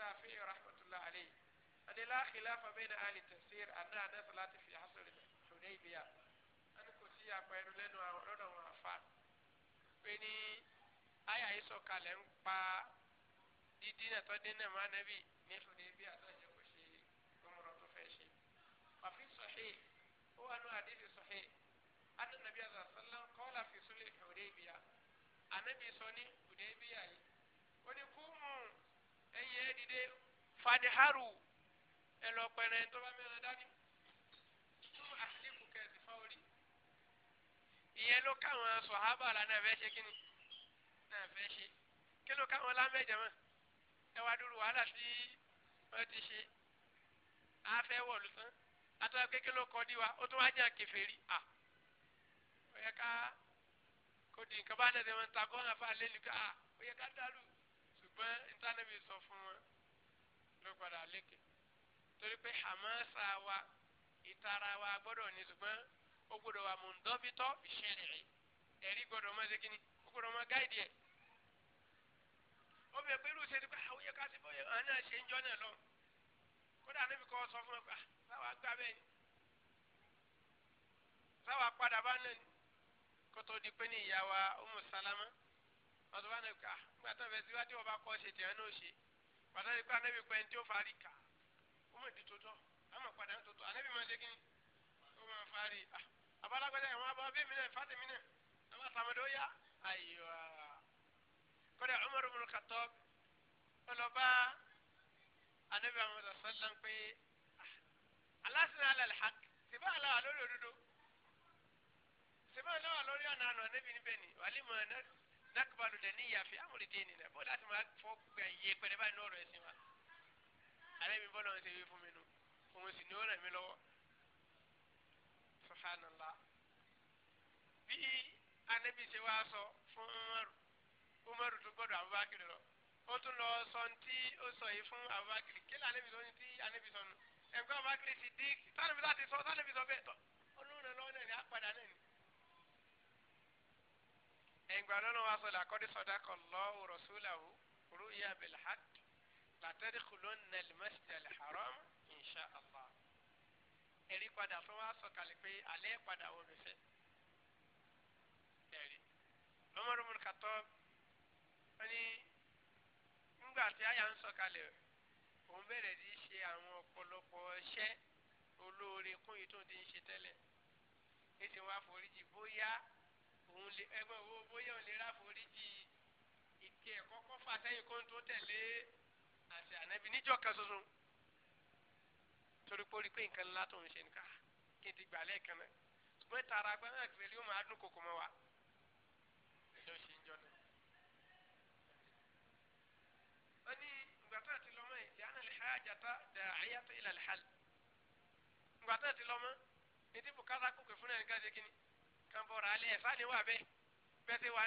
الشافعي رحمة الله عليه أن لا خلاف بين أهل التفسير أن أنا صلاة في عصر الحديبية أن كنتي أقول لنا ولنا وعفان بني آية يسو كالن با دي دينا تدينا مع نبي نحن نبي أتاجه وشي ومرضو فاشي وفي صحيح هو أنه حديث صحيح أن النبي صلى الله عليه وسلم قال في صلح الحديبية أنا صلى الحديبية ونقول fadiharu ẹ lọ pẹrẹ tó bá mẹ́rin dání tú àsìkò kẹsì fáwọlì ìyẹn ló káwọn sọ̀hábà lánàá fẹ́ ṣe kíni náà fẹ́ ṣe kí ló káwọn lámẹ́jọ mọ́ ẹ wá dúró wàhálà tí wọ́n ti ṣe afẹ́ wọ̀lú tán atọ́wọ́ kékeré ló kọ́ di wa ó tún wá jẹ́ kèfèrí à ó yẹ ká kó di nǹkan bá dẹ̀ tẹ̀ ta kó hàn fún alẹ́ ó yẹ ká dárú ṣùgbọ́n ntánẹ́bí sọ fún wọn ló padà lékè torí pé hamasa wa ìtara wa gbọ́dọ̀ ní ṣùgbọ́n ó gbọ́dọ̀ wà mọ̀ndọ́bítọ́ ìṣẹ̀lẹ̀ ẹ̀rí gbọ́dọ̀ má ṣe kíni ó gbọ́dọ̀ má gáìdì ẹ̀ ó bẹ pé irú ìṣèlú pé àwọn ah, yẹ ká ti bóyá àwọn náà ṣe ń jọ náà lọ kódà níbi kan sọ fún ẹ pé sáwà ah, gbà bẹ́ẹ̀ ni sáwà padà bá náà ni kó di pé ní ìyá wa Umu Salama wọn ah, tó bá náà kà nígbà tó bẹ síwájú ọba kọ́ ṣe tẹ̀ ẹ́ náà ṣe pàtàkì pé anabi pẹ́ tí ó fari kà ó mọ̀ di tótó àmọ̀ padà ń tótó anabi máa ń segin ó máa fari abalagbada yẹn wọn abọ́ bẹ́ẹ̀ mi náà fati mi náà àmọ́ àtàmọ́dé ó yá ayiwa kọ́dà Umar ibn Khattab ọlọ́ba anabi Muhammad sallam pé alasina ala alhaq sèbá ala wà lórí òdodo sèbá ala wà lórí ọ̀nà àná anabi níbẹ̀ ni wàlí mọ̀ ẹ̀ náà nakubalu lẹ ní yàfi amúlẹ̀ dín ní nà bó láti máa fọ́ gbà yé pẹ̀lẹ́ báyìí ní ọ̀rọ̀ ẹ̀sìn wa alẹ́ mi bọ́lá ń ṣe wí fún mi nu òun sì ní ó ràn mí lọ́wọ́ subhanallah bí anabi ṣe wá sọ fún umaru umaru tó gbọdọ̀ abubakar lọ ó tún lọ sọ ntí ó sọ yìí fún abubakar kí lè anabi sọ ní tí anabi sọ nù ẹ̀gbọ́n abubakar ti dín tánàbí sọ ti sọ tánàbí sọ bẹ́ẹ̀ tọ́ olóhùn náà lọ́wọ́ náà ní ẹ̀ǹgbà lọ́nà wa sọ làkọ́dé sọ̀dákọ̀ lọ́wọ́ rọ̀ṣúlàwù rúyà bilhaq látẹ́rì kùlọ́n nàlmẹ́sítẹ̀lì haram insha allah. ẹ̀rí padà tó wá sọ kalẹ̀ pé alẹ́ padà wọ́n mi fẹ́. ẹ̀rí lọ́mọdún mú kàtọ́ wọ́n ní ńgbà tí àyà ń sọ kalẹ̀ òun bẹ̀rẹ̀ sí ṣe àwọn ọ̀pọ̀lọpọ̀ iṣẹ́ olóore kún yìí tó ti ń ṣe tẹ́lẹ̀ ètò wa foríjì bóyá òun lè ẹgbẹ́ owó bóyá òun lè rà foríjì ìkẹ́ kọ́kọ́ fà sẹ́yìn kó ń tó tẹ̀lé àti ànábi níjọ́ kan ṣoṣo torí pé ó rí pé nǹkan ńlá tó ń ṣe nìkan kí n ti gbà lẹ́ẹ̀kan náà ṣùgbọ́n ìtara agbá náà kìlẹ̀ yóò máa dún kòkò mọ́ wa ló ṣe ń jọ náà. ní ìgbà ti lọ́mọ yìí lẹ́yìn àná lè ha àjàtà dà àyàtọ̀ ìlà lè halẹ̀ ti lọ́mọ ní tí bùkátà kòkè fún ẹnìkan ṣe kínní kan bọ̀rọ̀ alẹ́ ẹ̀fá ni wà bẹ́ẹ̀ bẹ́ẹ̀ ti wà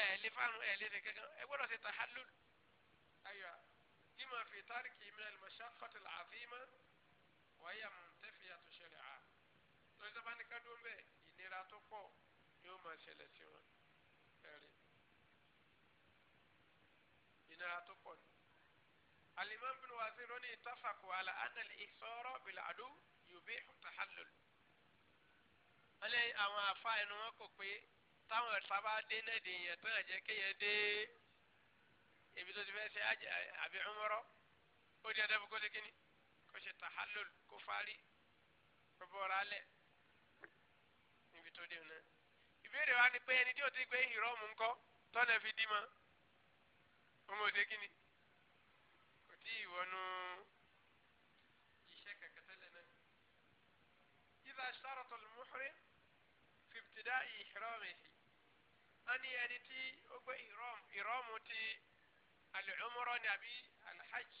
ẹ̀ lè fárun ẹ̀ lè ní kankan ẹ gbọ́dọ̀ ti tahallul aywa lima fi tariki min al-mashaqqati al-azima wa hiya muntafiyatu shari'a lórí sábà ní kádùn bẹ́ẹ̀ ìnira tó pọ̀ yóò máa ṣẹlẹ̀ sí wọn ẹ̀rí ìnira tó pọ̀ ni. al-imam bin wazir ní ittafaqu ala anna al bil-adu yubihu tahallul wọ́n lé àwọn àfa ẹnu wọn kò pé táwọn sábà dé náà dè yẹn tó yàn jẹ́ kéèyàn dé ibi tó ti fẹ́ ṣe àbí ọmọrọ ó di ẹ̀dẹ́fu kó ṣe kíni kó ṣe tahallul kó fárí kó bọ́ra alẹ̀ níbi tó dé náà. ìbéèrè wa ni pé ẹni tí o ti gbé ìrọ́mù ńkọ́ tọ́nà fi dí mọ́ ọmọ òde kíni kò tí ì wọnú iṣẹ́ kankan tẹ́lẹ̀ náà. ìlà ṣàròtò lọ ìbtìdá ìhrọ́mì wọ́n ní ẹni tí ó gbé ìrọ́mù ìrọ́mù ti alùmúrọ́ ní àbí alhajj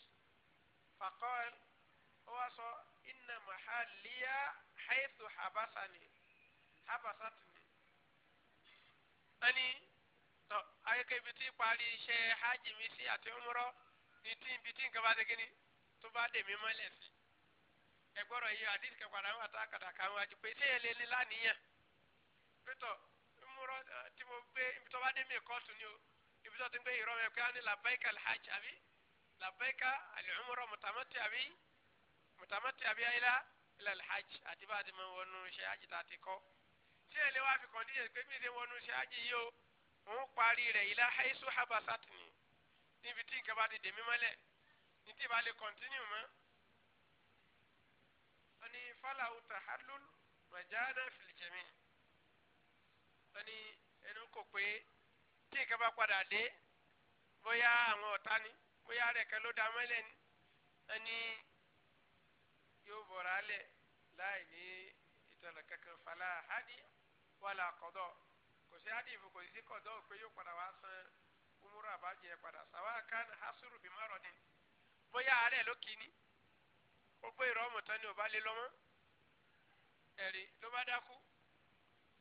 fàkọ́l ó wá sọ iná màhálíyá haythu habasani habasatini wọ́n ní tọ ayọkẹ ibi tí parí iṣẹ́ hajj mi sí àti ọmọrọ ní tí ibi tí nǹkan bá ti kíni tó bá dè mí sí ẹgbọrọ yìí àdìsí kẹpàdà ń wà tá kàdàkà ń wájú pé ṣé lánìyàn pétọ múrọ eh, tí mo gbé ibi tó bá dé mi kọ́ọ̀tù ni o ibi tó ti gbé ìrọ mi pé á ní làbáyíkà alhaj àbí làbáyíkà alìhùmúrọ mùtàmátì àbí mùtàmátì àbí ayélá ilà alhaj àti bá a ti máa wọnú iṣẹ́ hajj tá a ti kọ́ tí ẹ lè wá fi kọ́ndíṣẹ̀ pé mi ti wọnú iṣẹ́ hajj yìí o òun parí rẹ̀ ilá haisu habasat ni níbi tí nǹkan bá ti dè mọ́lẹ̀ ní tí ì bá lè kọ́ntínú mọ́ ọ ní fàlàwù tàhálùl màjáná fìlìjẹ̀mí wọ́n ní ẹnu kò pé tí ìkẹ́ bá padà dé bóyá àwọn ọ̀tá ni bóyá rẹ̀ kẹ́ ló da mọ́lẹ̀ ni wọ́n yóò bọ̀rọ̀ alẹ̀ láì ní ìtọ́nà kankan fàlà hadi wàlà kọ́dọ̀ kò sí hadi ìfò kò sí kọ́dọ̀ pé yóò padà wá san umuru abajẹ padà sàwọn kan hasuru bimarọ̀ ni bóyá àárẹ̀ ló kì í ní ó gbé ìrọ́mù ni ò bá lé lọ́mọ́ ẹ̀rí ló bá dákú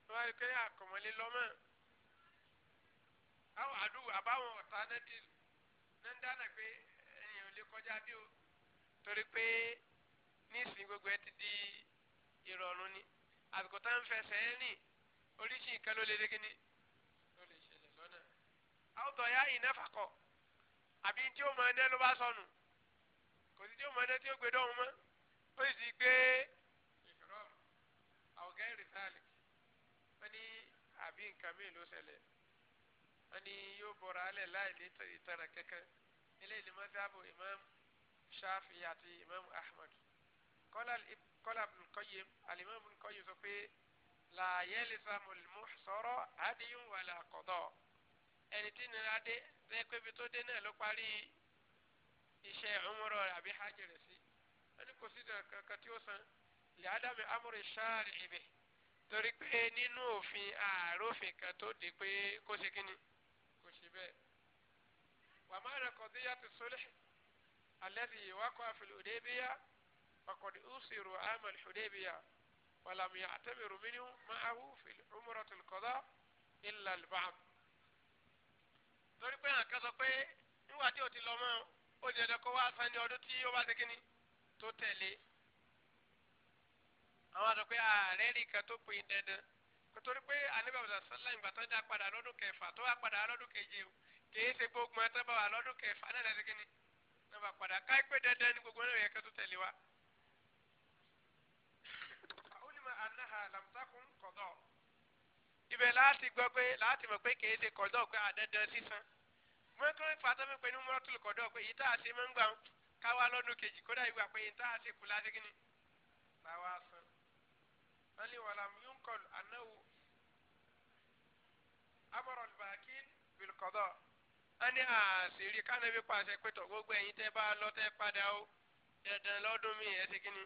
wọ́n á rí pé àkọ̀mọ́lé ah, lọ́mọ́ àwọn àdúgbò àbáwọn ọ̀tá náà dì náà ń dáná pé ẹ̀yìn ò lè kọjá bí o torí pé nísìnyí gbogbo ẹ ti di ìrọ̀rùn ni àbíkò tá ń fẹsẹ̀ ẹ́ rìn oríṣi nǹkan ló lè dé kíní ló lè ṣẹlẹ̀ lọ́nà. àwùjọ ya ìnáfàkọ̀ àbí tí ó mọ ẹdẹ ló bá sọnù kò sí tí ó mọ ẹdẹ tí ó gbé dọ́hùn mọ́ ó sì ti gbé. nǹkan mi ló ṣẹlẹ̀ wọ́n ní yóò bọ̀rọ̀ alẹ̀ láì ní ìtàn kankan eléyìí ni mọ́tàbù imam shafi àti imam ahmad kọ́lá ibn qayyim alimam ibn qayyim sọ pé la yalzamu al-muhsara adiyun wala qada ẹni tí nira dé lẹ́ẹ̀kọ́ ibi tó dé náà ló parí iṣẹ́ umrah àbí hajj rẹ̀ sí wọ́n ní kò sí ìdàn tí ó san li adami amri shari'i bihi torí pé nínú òfin àáròfin kan tó di pé kó ṣe kínní kò ṣe bẹ́ẹ̀. wàmánà kọ̀díyà ti sólẹ̀ alẹ́dì ìwákọ̀ àfìlẹ̀ òdebíyà ọkọ̀dì ùsìrò àmàl òdebíyà wàlàmì àtẹ̀mẹ̀rù mínú máa wù fìlẹ̀ ọmọrọ̀ tó kọ́dọ̀ ìlà lùbàm. torí pé àǹkan sọ pé níwájú ò ti lọ mọ́ ó jẹ́ ẹ̀dẹ́kọ́ wá sanni ọdún tí ó bá ṣe kínní tó tẹ̀lé àwọn àdó pé ah, ààrẹ rí kan tó pin dandan nítorí pé anábàbà sọlá ìbátan dá padà lọ́dún kẹfà tó wá padà lọ́dún keje o kìí ṣe gbogbo ẹtọ́ bá wà lọ́dún kẹfà náà lẹ́sìn kínní náà bá padà ká pé dandan ní gbogbo náà yẹ kẹ́tọ́ tẹ̀lé wa. àwọn onímọ̀ anáhà làmùtákùn kọ̀dọ̀ ibẹ̀ láti gbọ́ pé láti mọ̀ pé kìí ṣe kọ̀dọ̀ pé àdandan ah, sísan mọ́tòrí fatami pé ní mọ́tòrí kọ̀dọ̀ pé yìí tá a ṣe máa ń gbà káwá lọ́dún kejì kódà ìgbà pé yìí tá a ṣe kù láti kínní làwọn aṣọ أني ولم ينقل أنه أمر الباكين بالقضاء أني أسيري كان بيقاسي كتو gbogbo ẹ̀yin tẹ́ bá lọ tẹ́ padà ó dandan lọ́dún mi ẹ̀ ti kíni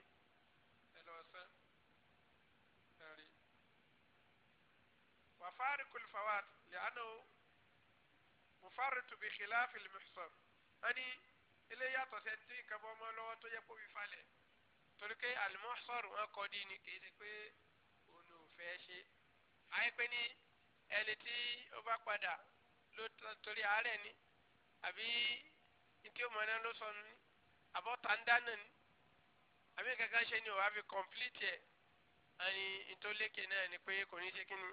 وفارق الفوات لأنه مفرط بخلاف المحصر أني إلي يا تسنتي كبوما لو تو يبو بفاله torí pé alimọ́sọ̀rù wọn kọ́ di ni kì í pé òun ò fẹ́ ṣe àyẹ̀pẹ́ ní ẹni tí ó bá padà ló torí àárẹ̀ ni àbí tí ó mọ̀ náà ló sọnù ni àbọ̀tà ń dáná ni àbí kankan ṣe ni ò wá fi kọ̀m̀plìtì ẹ̀ àní ìtòlékè náà ni pé kò ní ṣe kí ni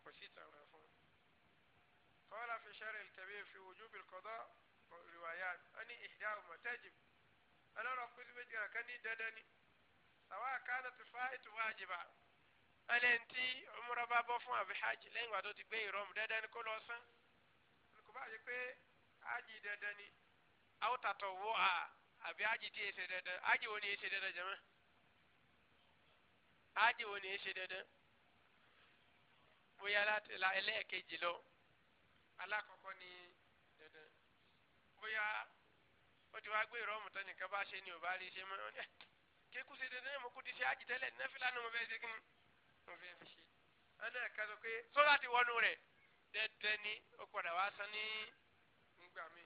kò sí ìtàwọn ẹ̀fọn. قال في شرع الكبير في وجوب القضاء والروايات أن إحداهما تجب ọlọ́rọ̀ kú sí méjì rẹ̀ kan ní dandan ni sàwọn àkànnà tó fa ètò wájibà ẹlẹ́ntì ọmọrọ̀ bá bọ́ fún àbí hajj lẹ́yìn wà tó ti gbé ìrọ̀mù dandan ni kó lọ sán kò bá yẹ pé hajj dandan ni àwọn tàtọ̀ wọ́ a àbí hajj tí èsè dandan hajj wo ni aji woni jẹ́mọ́ hajj wo ni èsè dandan bóyá láti la ẹlẹ́ẹ̀kejì lọ alákọ̀ọ́kọ́ ni dandan bóyá ó ti wá gbé ìrọ́mù tán nìkan bá ṣe ni ò bá rí ṣe mọ́ ọ́n ah, kéku ṣe dandan mo kú ti ṣe ájì tẹ́lẹ̀ nẹ́fìlà ni mo fẹ́ ṣe kíni mo fẹ́ fi ṣe ọ̀nà kan sọ pé sọ́lá ti wọnú rẹ̀ dẹ́dẹ́ ni ó padà wá san ní nígbà mi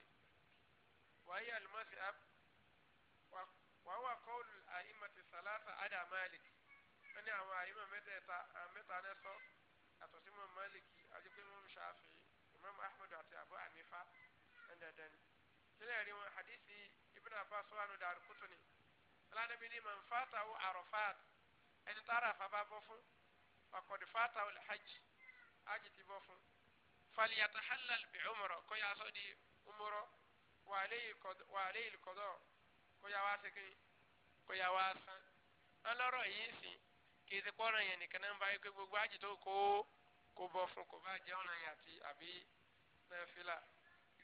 wàyí alimọ́sí ab wàá wà kọ́ọ̀lù àyímọ̀tì sàlásà ádà Malik wọ́n ní àwọn àyímọ̀ mẹ́tẹ̀ẹ̀ta mẹ́ta náà sọ àtọ̀ sí mọ̀ Maliki àdìpé mọ̀ Ṣáfì Imam Ahmad àti Abu Hanifa ẹ̀ dandan ni sílẹ̀ rí wọn hadith afa sọ́wọ́nù dàrú kútu ni aládàbí ni mà ń fàtà wọ àròfàt ẹni tá àràfà bá bọ́ fún ọkọ̀dé fàtà wọlé hajj hajj ti bọ́ fún faliyata halal bi umrọ kó yà sọ di umrọ wàlẹ́ yìí kọ́dọ̀ kó yà wá sẹ́kìn kó yà wá sàn ọlọ́rọ̀ yìí sìn kì í ti kọ́ran yẹn nìkan náà ń báyìí pé gbogbo hajj tó kó kó bọ́ fún kó bá jẹ́ ọ̀ràn yàtì àbí náà fìlà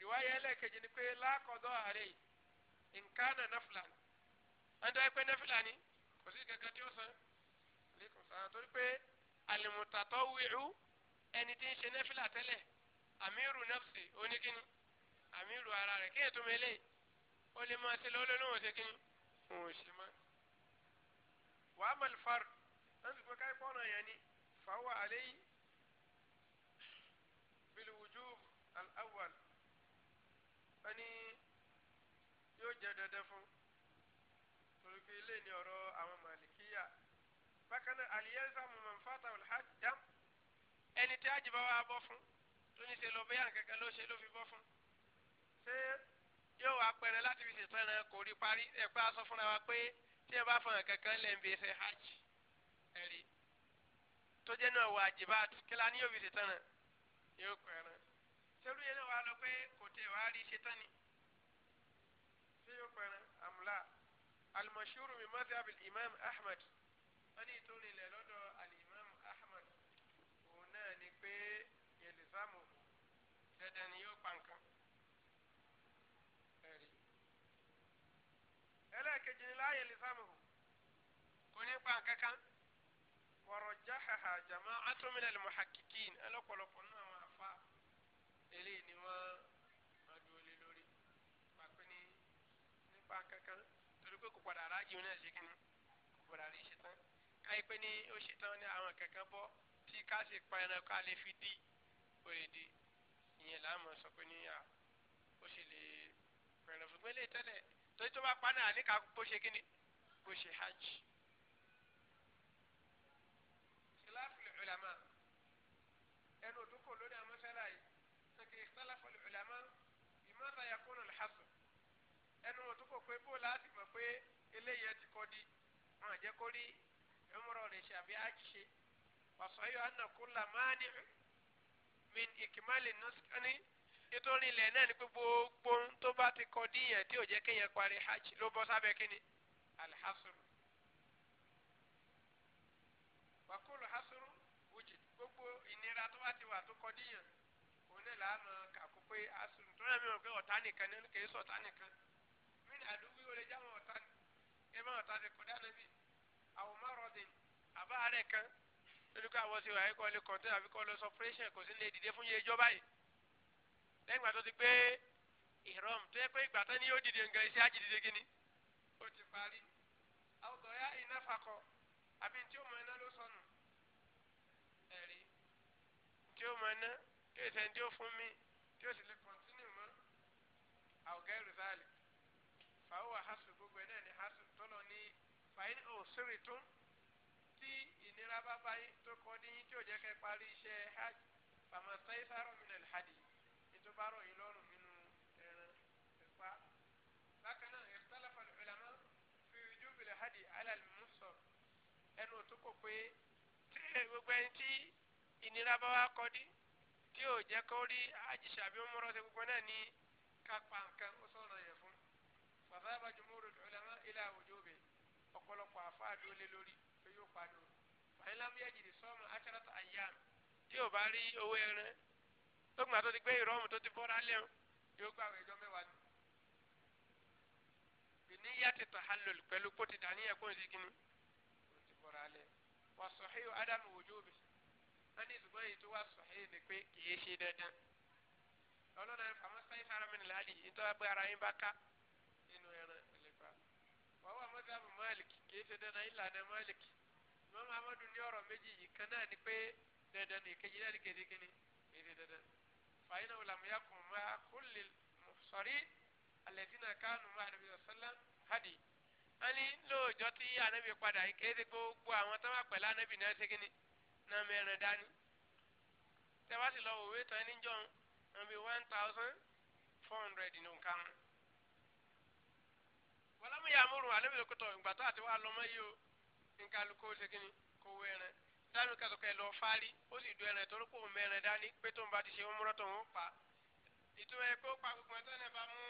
ìwáyé ẹlẹ́ẹ̀kejì ni pé lákọ̀dọ̀ àárẹ̀ yìí nkánà náfìlà ni ẹnitọ́ ẹ pé náfìlà ni kò sí kankan tí ó san aleykum salaam torí pé alimutatọ wíwú ẹni tí ń ṣe náfìlà tẹ́lẹ̀ amiru nafsi oníkíní amiru ara rẹ̀ kí ètò mele ó lè máa ṣe lọ́wọ́ lónìí wọ́n ṣe kíní o ò ṣe mọ́. wàá mọ̀lẹ́fàr ẹnitọ́ pé káyọ̀ pọ́nà yẹn ni fàáwọ̀ dandan fún torí pé ilé ni ọ̀rọ̀ àwọn màlìkíyà bákan náà àlìyẹ́sà mọ̀mọ́ fata alhaj dam ẹni tí àjìbá wa bọ́ fún tó ní ṣe lọ bẹ́yà kẹ̀kẹ́ ló ṣe ló fi bọ́ fún ṣé yóò wá pẹ̀rẹ̀ láti fi ṣètò ẹ̀rẹ̀ kò rí parí ẹ̀pẹ́ aṣọ fúnra wa pé tí ẹ bá fọ̀rọ̀ kẹ̀kẹ́ lẹ̀ ń bèèrè hajj ẹ̀rí tó jẹ́ náà wà àjìbá kílá ní yóò fi ṣètò ẹ̀rẹ̀ yóò pẹ̀rẹ̀ ṣerú yẹn náà wà lọ pé kò tẹ̀ wá rí ṣetán ni pẹ̀rẹ̀ àmúlà alimọ̀ṣúrù mi madhab imam ahmed wọ́n ní ìtòrí ilẹ̀ lọ́dọ̀ alimam ahmed òun náà ni pé yelizamu dandan ni yóò pa nǹkan. ẹlẹ́ẹ̀kejì ni láàyè yelizamu kò ní pa nǹkan kan wọ̀rọ̀ jáhàhà jama'atun min al-muhaqqiqin ẹlọ́pọ̀lọpọ̀ náà wọn afa eléyìí ni wọ́n. padà rájìun náà ṣe kíni padà rí ṣetán káyí pé ní ó ṣetán ní àwọn kankan bọ́ tí ká sì pa ẹran ká lè fi dí ó lè dí ìyẹn láàmú sọ pé ní ó ṣe lè pẹ̀rẹ̀ fún gbélé tẹ́lẹ̀ torí tó bá pa náà ní ká bó ṣe kíni bó ṣe hajj. ṣe láàfin ulama. wọn jẹ́ kó rí umra lè ṣe àbí hajj ṣe wàsọ́yọ́ anakula mani min ikimali nuskani nítorí ilẹ̀ náà ni pé gbogbo ohun tó bá ti kọ díyàn tí ò jẹ́ kéèyàn parí hajj ló bọ́ sábẹ́ kínní alhasuru wàkúlù hasuru wujud gbogbo ìnira tó bá ti wà tó kọ díyàn òun náà làánà kàkó pé hasuru tó náà mìíràn pé ọ̀tá nìkan ní kèé sọ̀tá nìkan mí ni àdúgbò yóò lè jáwọn ọ̀tá ni ẹ máa ọ̀tá ti kọjá náà bàbá rẹ̀ kan lórí kó àwọn ṣe wà ayíkọ́ lè kọ́ńtẹ́ àbí kọ́ lọ sọ pírẹ́ṣẹ̀ kò sí ní èdìdé fún yẹn ìjọba yìí lẹ́yìn ìgbà tó ti gbé ìrọ̀m tó yẹ pé ìgbà tán ni yóò dìde nǹkan iṣẹ́ àjídìde gíní ó ti parí àwùjọ ya iná fakọ àbí tí ó mọ iná ló sọnù ẹ̀rí tí ó mọ iná tí ó sẹ́ni tí ó fún mi tí ó sì lè kọ́ntínú mọ́ àwùjọ ẹ̀rù sáàlì fàáwà hasu gbogbo ẹ̀ náà ni hasu tọ́lọ ní fàáyín ò sórí ìnira bá bá yín tó kọ́ dín yín tí ò jẹ́ kẹ́ parí iṣẹ́ hajj fàmọ́tẹ́ ìfàrọ̀ mi nà lẹ́hàdì ètò bá rọ̀ yín lọ́rùn nínú ẹran ìpa. bákan náà ìtàlàfà ìlànà fi ojú bìlẹ̀ hàdì alàlì mú sọ ẹnu tó kọ pé gbogbo ẹni tí ìnira bá kọ́ dín tí ò jẹ́ kó rí hajj ṣàbí ọmọrọ̀ ṣe gbogbo náà ní kápá nǹkan ó sọ̀rọ̀ yẹn fún. bàbá àbájọ mọ́rọ̀ ìlànà ìlà òjò bẹ̀ ọ̀pọ̀lọpọ̀ àfáà dúró lé lórí yìí sọ́mu aṣọ́nàtà àyà tí ò bá rí owó ẹran tó gbà tó ti gbé ìrọ́mù tó ti bọ́ra lẹ́hùn yóò gbà wọ ẹjọ́ mẹ́wàá ni. bìní yá ti tọ̀ halol pẹ̀lú kó ti dàníyàn kó ń ṣe kínní kó ti bọ́ra lẹ́ wà sọ̀hí ádámù wòjú mi wọ́n ní ìṣùgbọ́n èyí tó wà sọ̀hí ni pé kì í ṣe dandan ọlọ́dà fàmọ́ sáyẹ́ fara mi nìlá yìí nítorí pé ara yín bá ká ìmọ̀mù amadu ní ọ̀rọ̀ méjì yìí kan náà ni pé dandan ní kejì náà ni kéde kíni kéde dandan fàyínà wùlàmúyà kùn má kúlè sọrí alẹ́dínà kánú má àdàbí sọ́lá hadi wọ́n ní lóòjọ́ tí anabi padà yìí kéde gbogbo àwọn tó má pẹ̀lú anabi náà ṣe kíni náà mẹ́rin dání tẹ́wáṣí lọ òwe tán níjọ́ wọn bí one thousand four hundred ní nǹkan. wọ́n lọ́mú yàmúrù alẹ́ mi lókòtò ìgbà tó àti wà lọ́mọ yìí o nkálukó ṣe kí ni kó wọ ẹran sanu kasọkẹ lọ fárí ó sì du ẹran torí kò mẹrin dání pé tó ń bá ti ṣe ọmọ rọtọ ń pa ìtumọ̀ ẹ pé ó pa gbogbo ẹtọ́ náà bá mú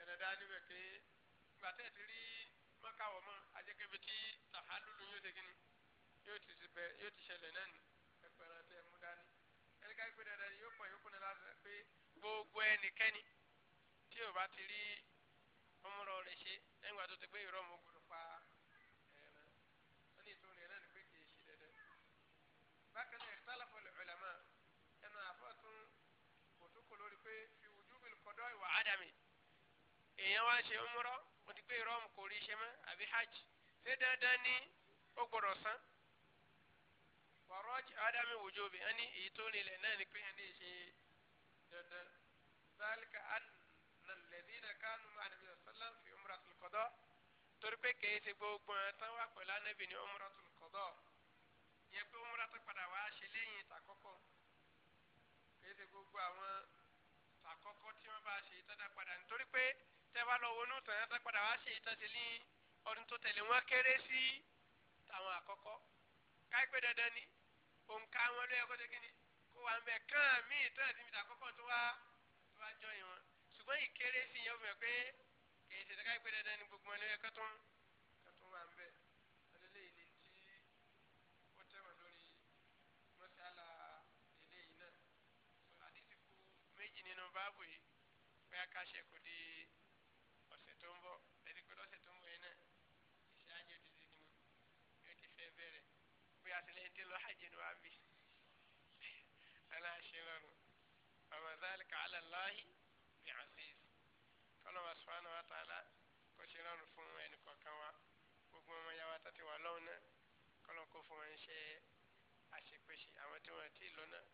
ẹran dání bẹ̀ pé ìgbà tẹ̀ ti rí mọ́kàwọ́ mọ́ ajẹ́kẹ́bi tí tàhálùlù yóò ṣe kí ni yóò ti bẹ yóò ti ṣẹlẹ̀ náà ni ẹgbẹ̀rún tẹ̀ mú dání ẹni ká gbé yóò pọ̀ yókù náà láti pé gbogbo ẹnikẹ́ni tí ò bá ti rí ọmọ rọ̀ ṣe ẹ̀ńgbà tó ti gbé ìrọ̀ mọ́gùn èèyàn wá ṣe umrọ mo ti pé rọm kò rí ṣe mọ àbí hajj ṣé dandan ni ó gbọ́dọ̀ san wàrọj ádámì wòjó bi ẹni èyí tó nílẹ̀ náà ni pé ẹni ṣe dandan zálìkà àná lẹ́dínà kánú máa nàbí sàlám fi umrọ tó kọ́dọ̀ torí pé kèé ṣe gbogbo ẹ̀ tán wá pẹ̀lú anábì ní umrọ tó kọ́dọ̀ pé umrọ tó wá ṣe lẹ́yìn ìtàkọ́kọ́ kèé ṣe gbogbo àwọn ìtàkọ́kọ́ tí wọ́n bá ṣe tọ́jà padà nítorí pé tẹ́wá lọ wọnú tàn yẹn tó padà wá ṣe ìtọ́sí ní ọdún tó tẹ̀lé wọn kéré sí tàwọn àkọ́kọ́ káìpẹ́ dandan ni òǹkà wọn ló yẹ kó segin ni kó wà mẹ́ kán mí ìtàn àti mìtà àkọ́kọ́ tó wá tó wá jọ ìwọ̀n ṣùgbọ́n ìkéré sí yẹn fún mi pé kì ṣe káìpẹ́ dandan ni gbogbo wọn ló yẹ kó tún kó tún wà mẹ́ ọdẹlẹ́ yìí ni tí ó tẹ̀wọ̀n lórí mọ́sálà eléyìí náà àdìsí méjì nínú báàbò yìí bóyá ká kò dé. lọ hajj ni wàá bì ẹnà àṣeyọrù ọmọ dáàlì kàálà láàyè bí aziz kọlọmọ sùpánù wa tààlà kò ṣe rọrùn fún ẹnì kọ̀ọ̀kan wa gbogbo ọmọ yà wá tàti wà lọ́wọ́ náà kọlọmọ fún wọn ṣe àṣepèṣe àwọn tí wọn ti lọ náà.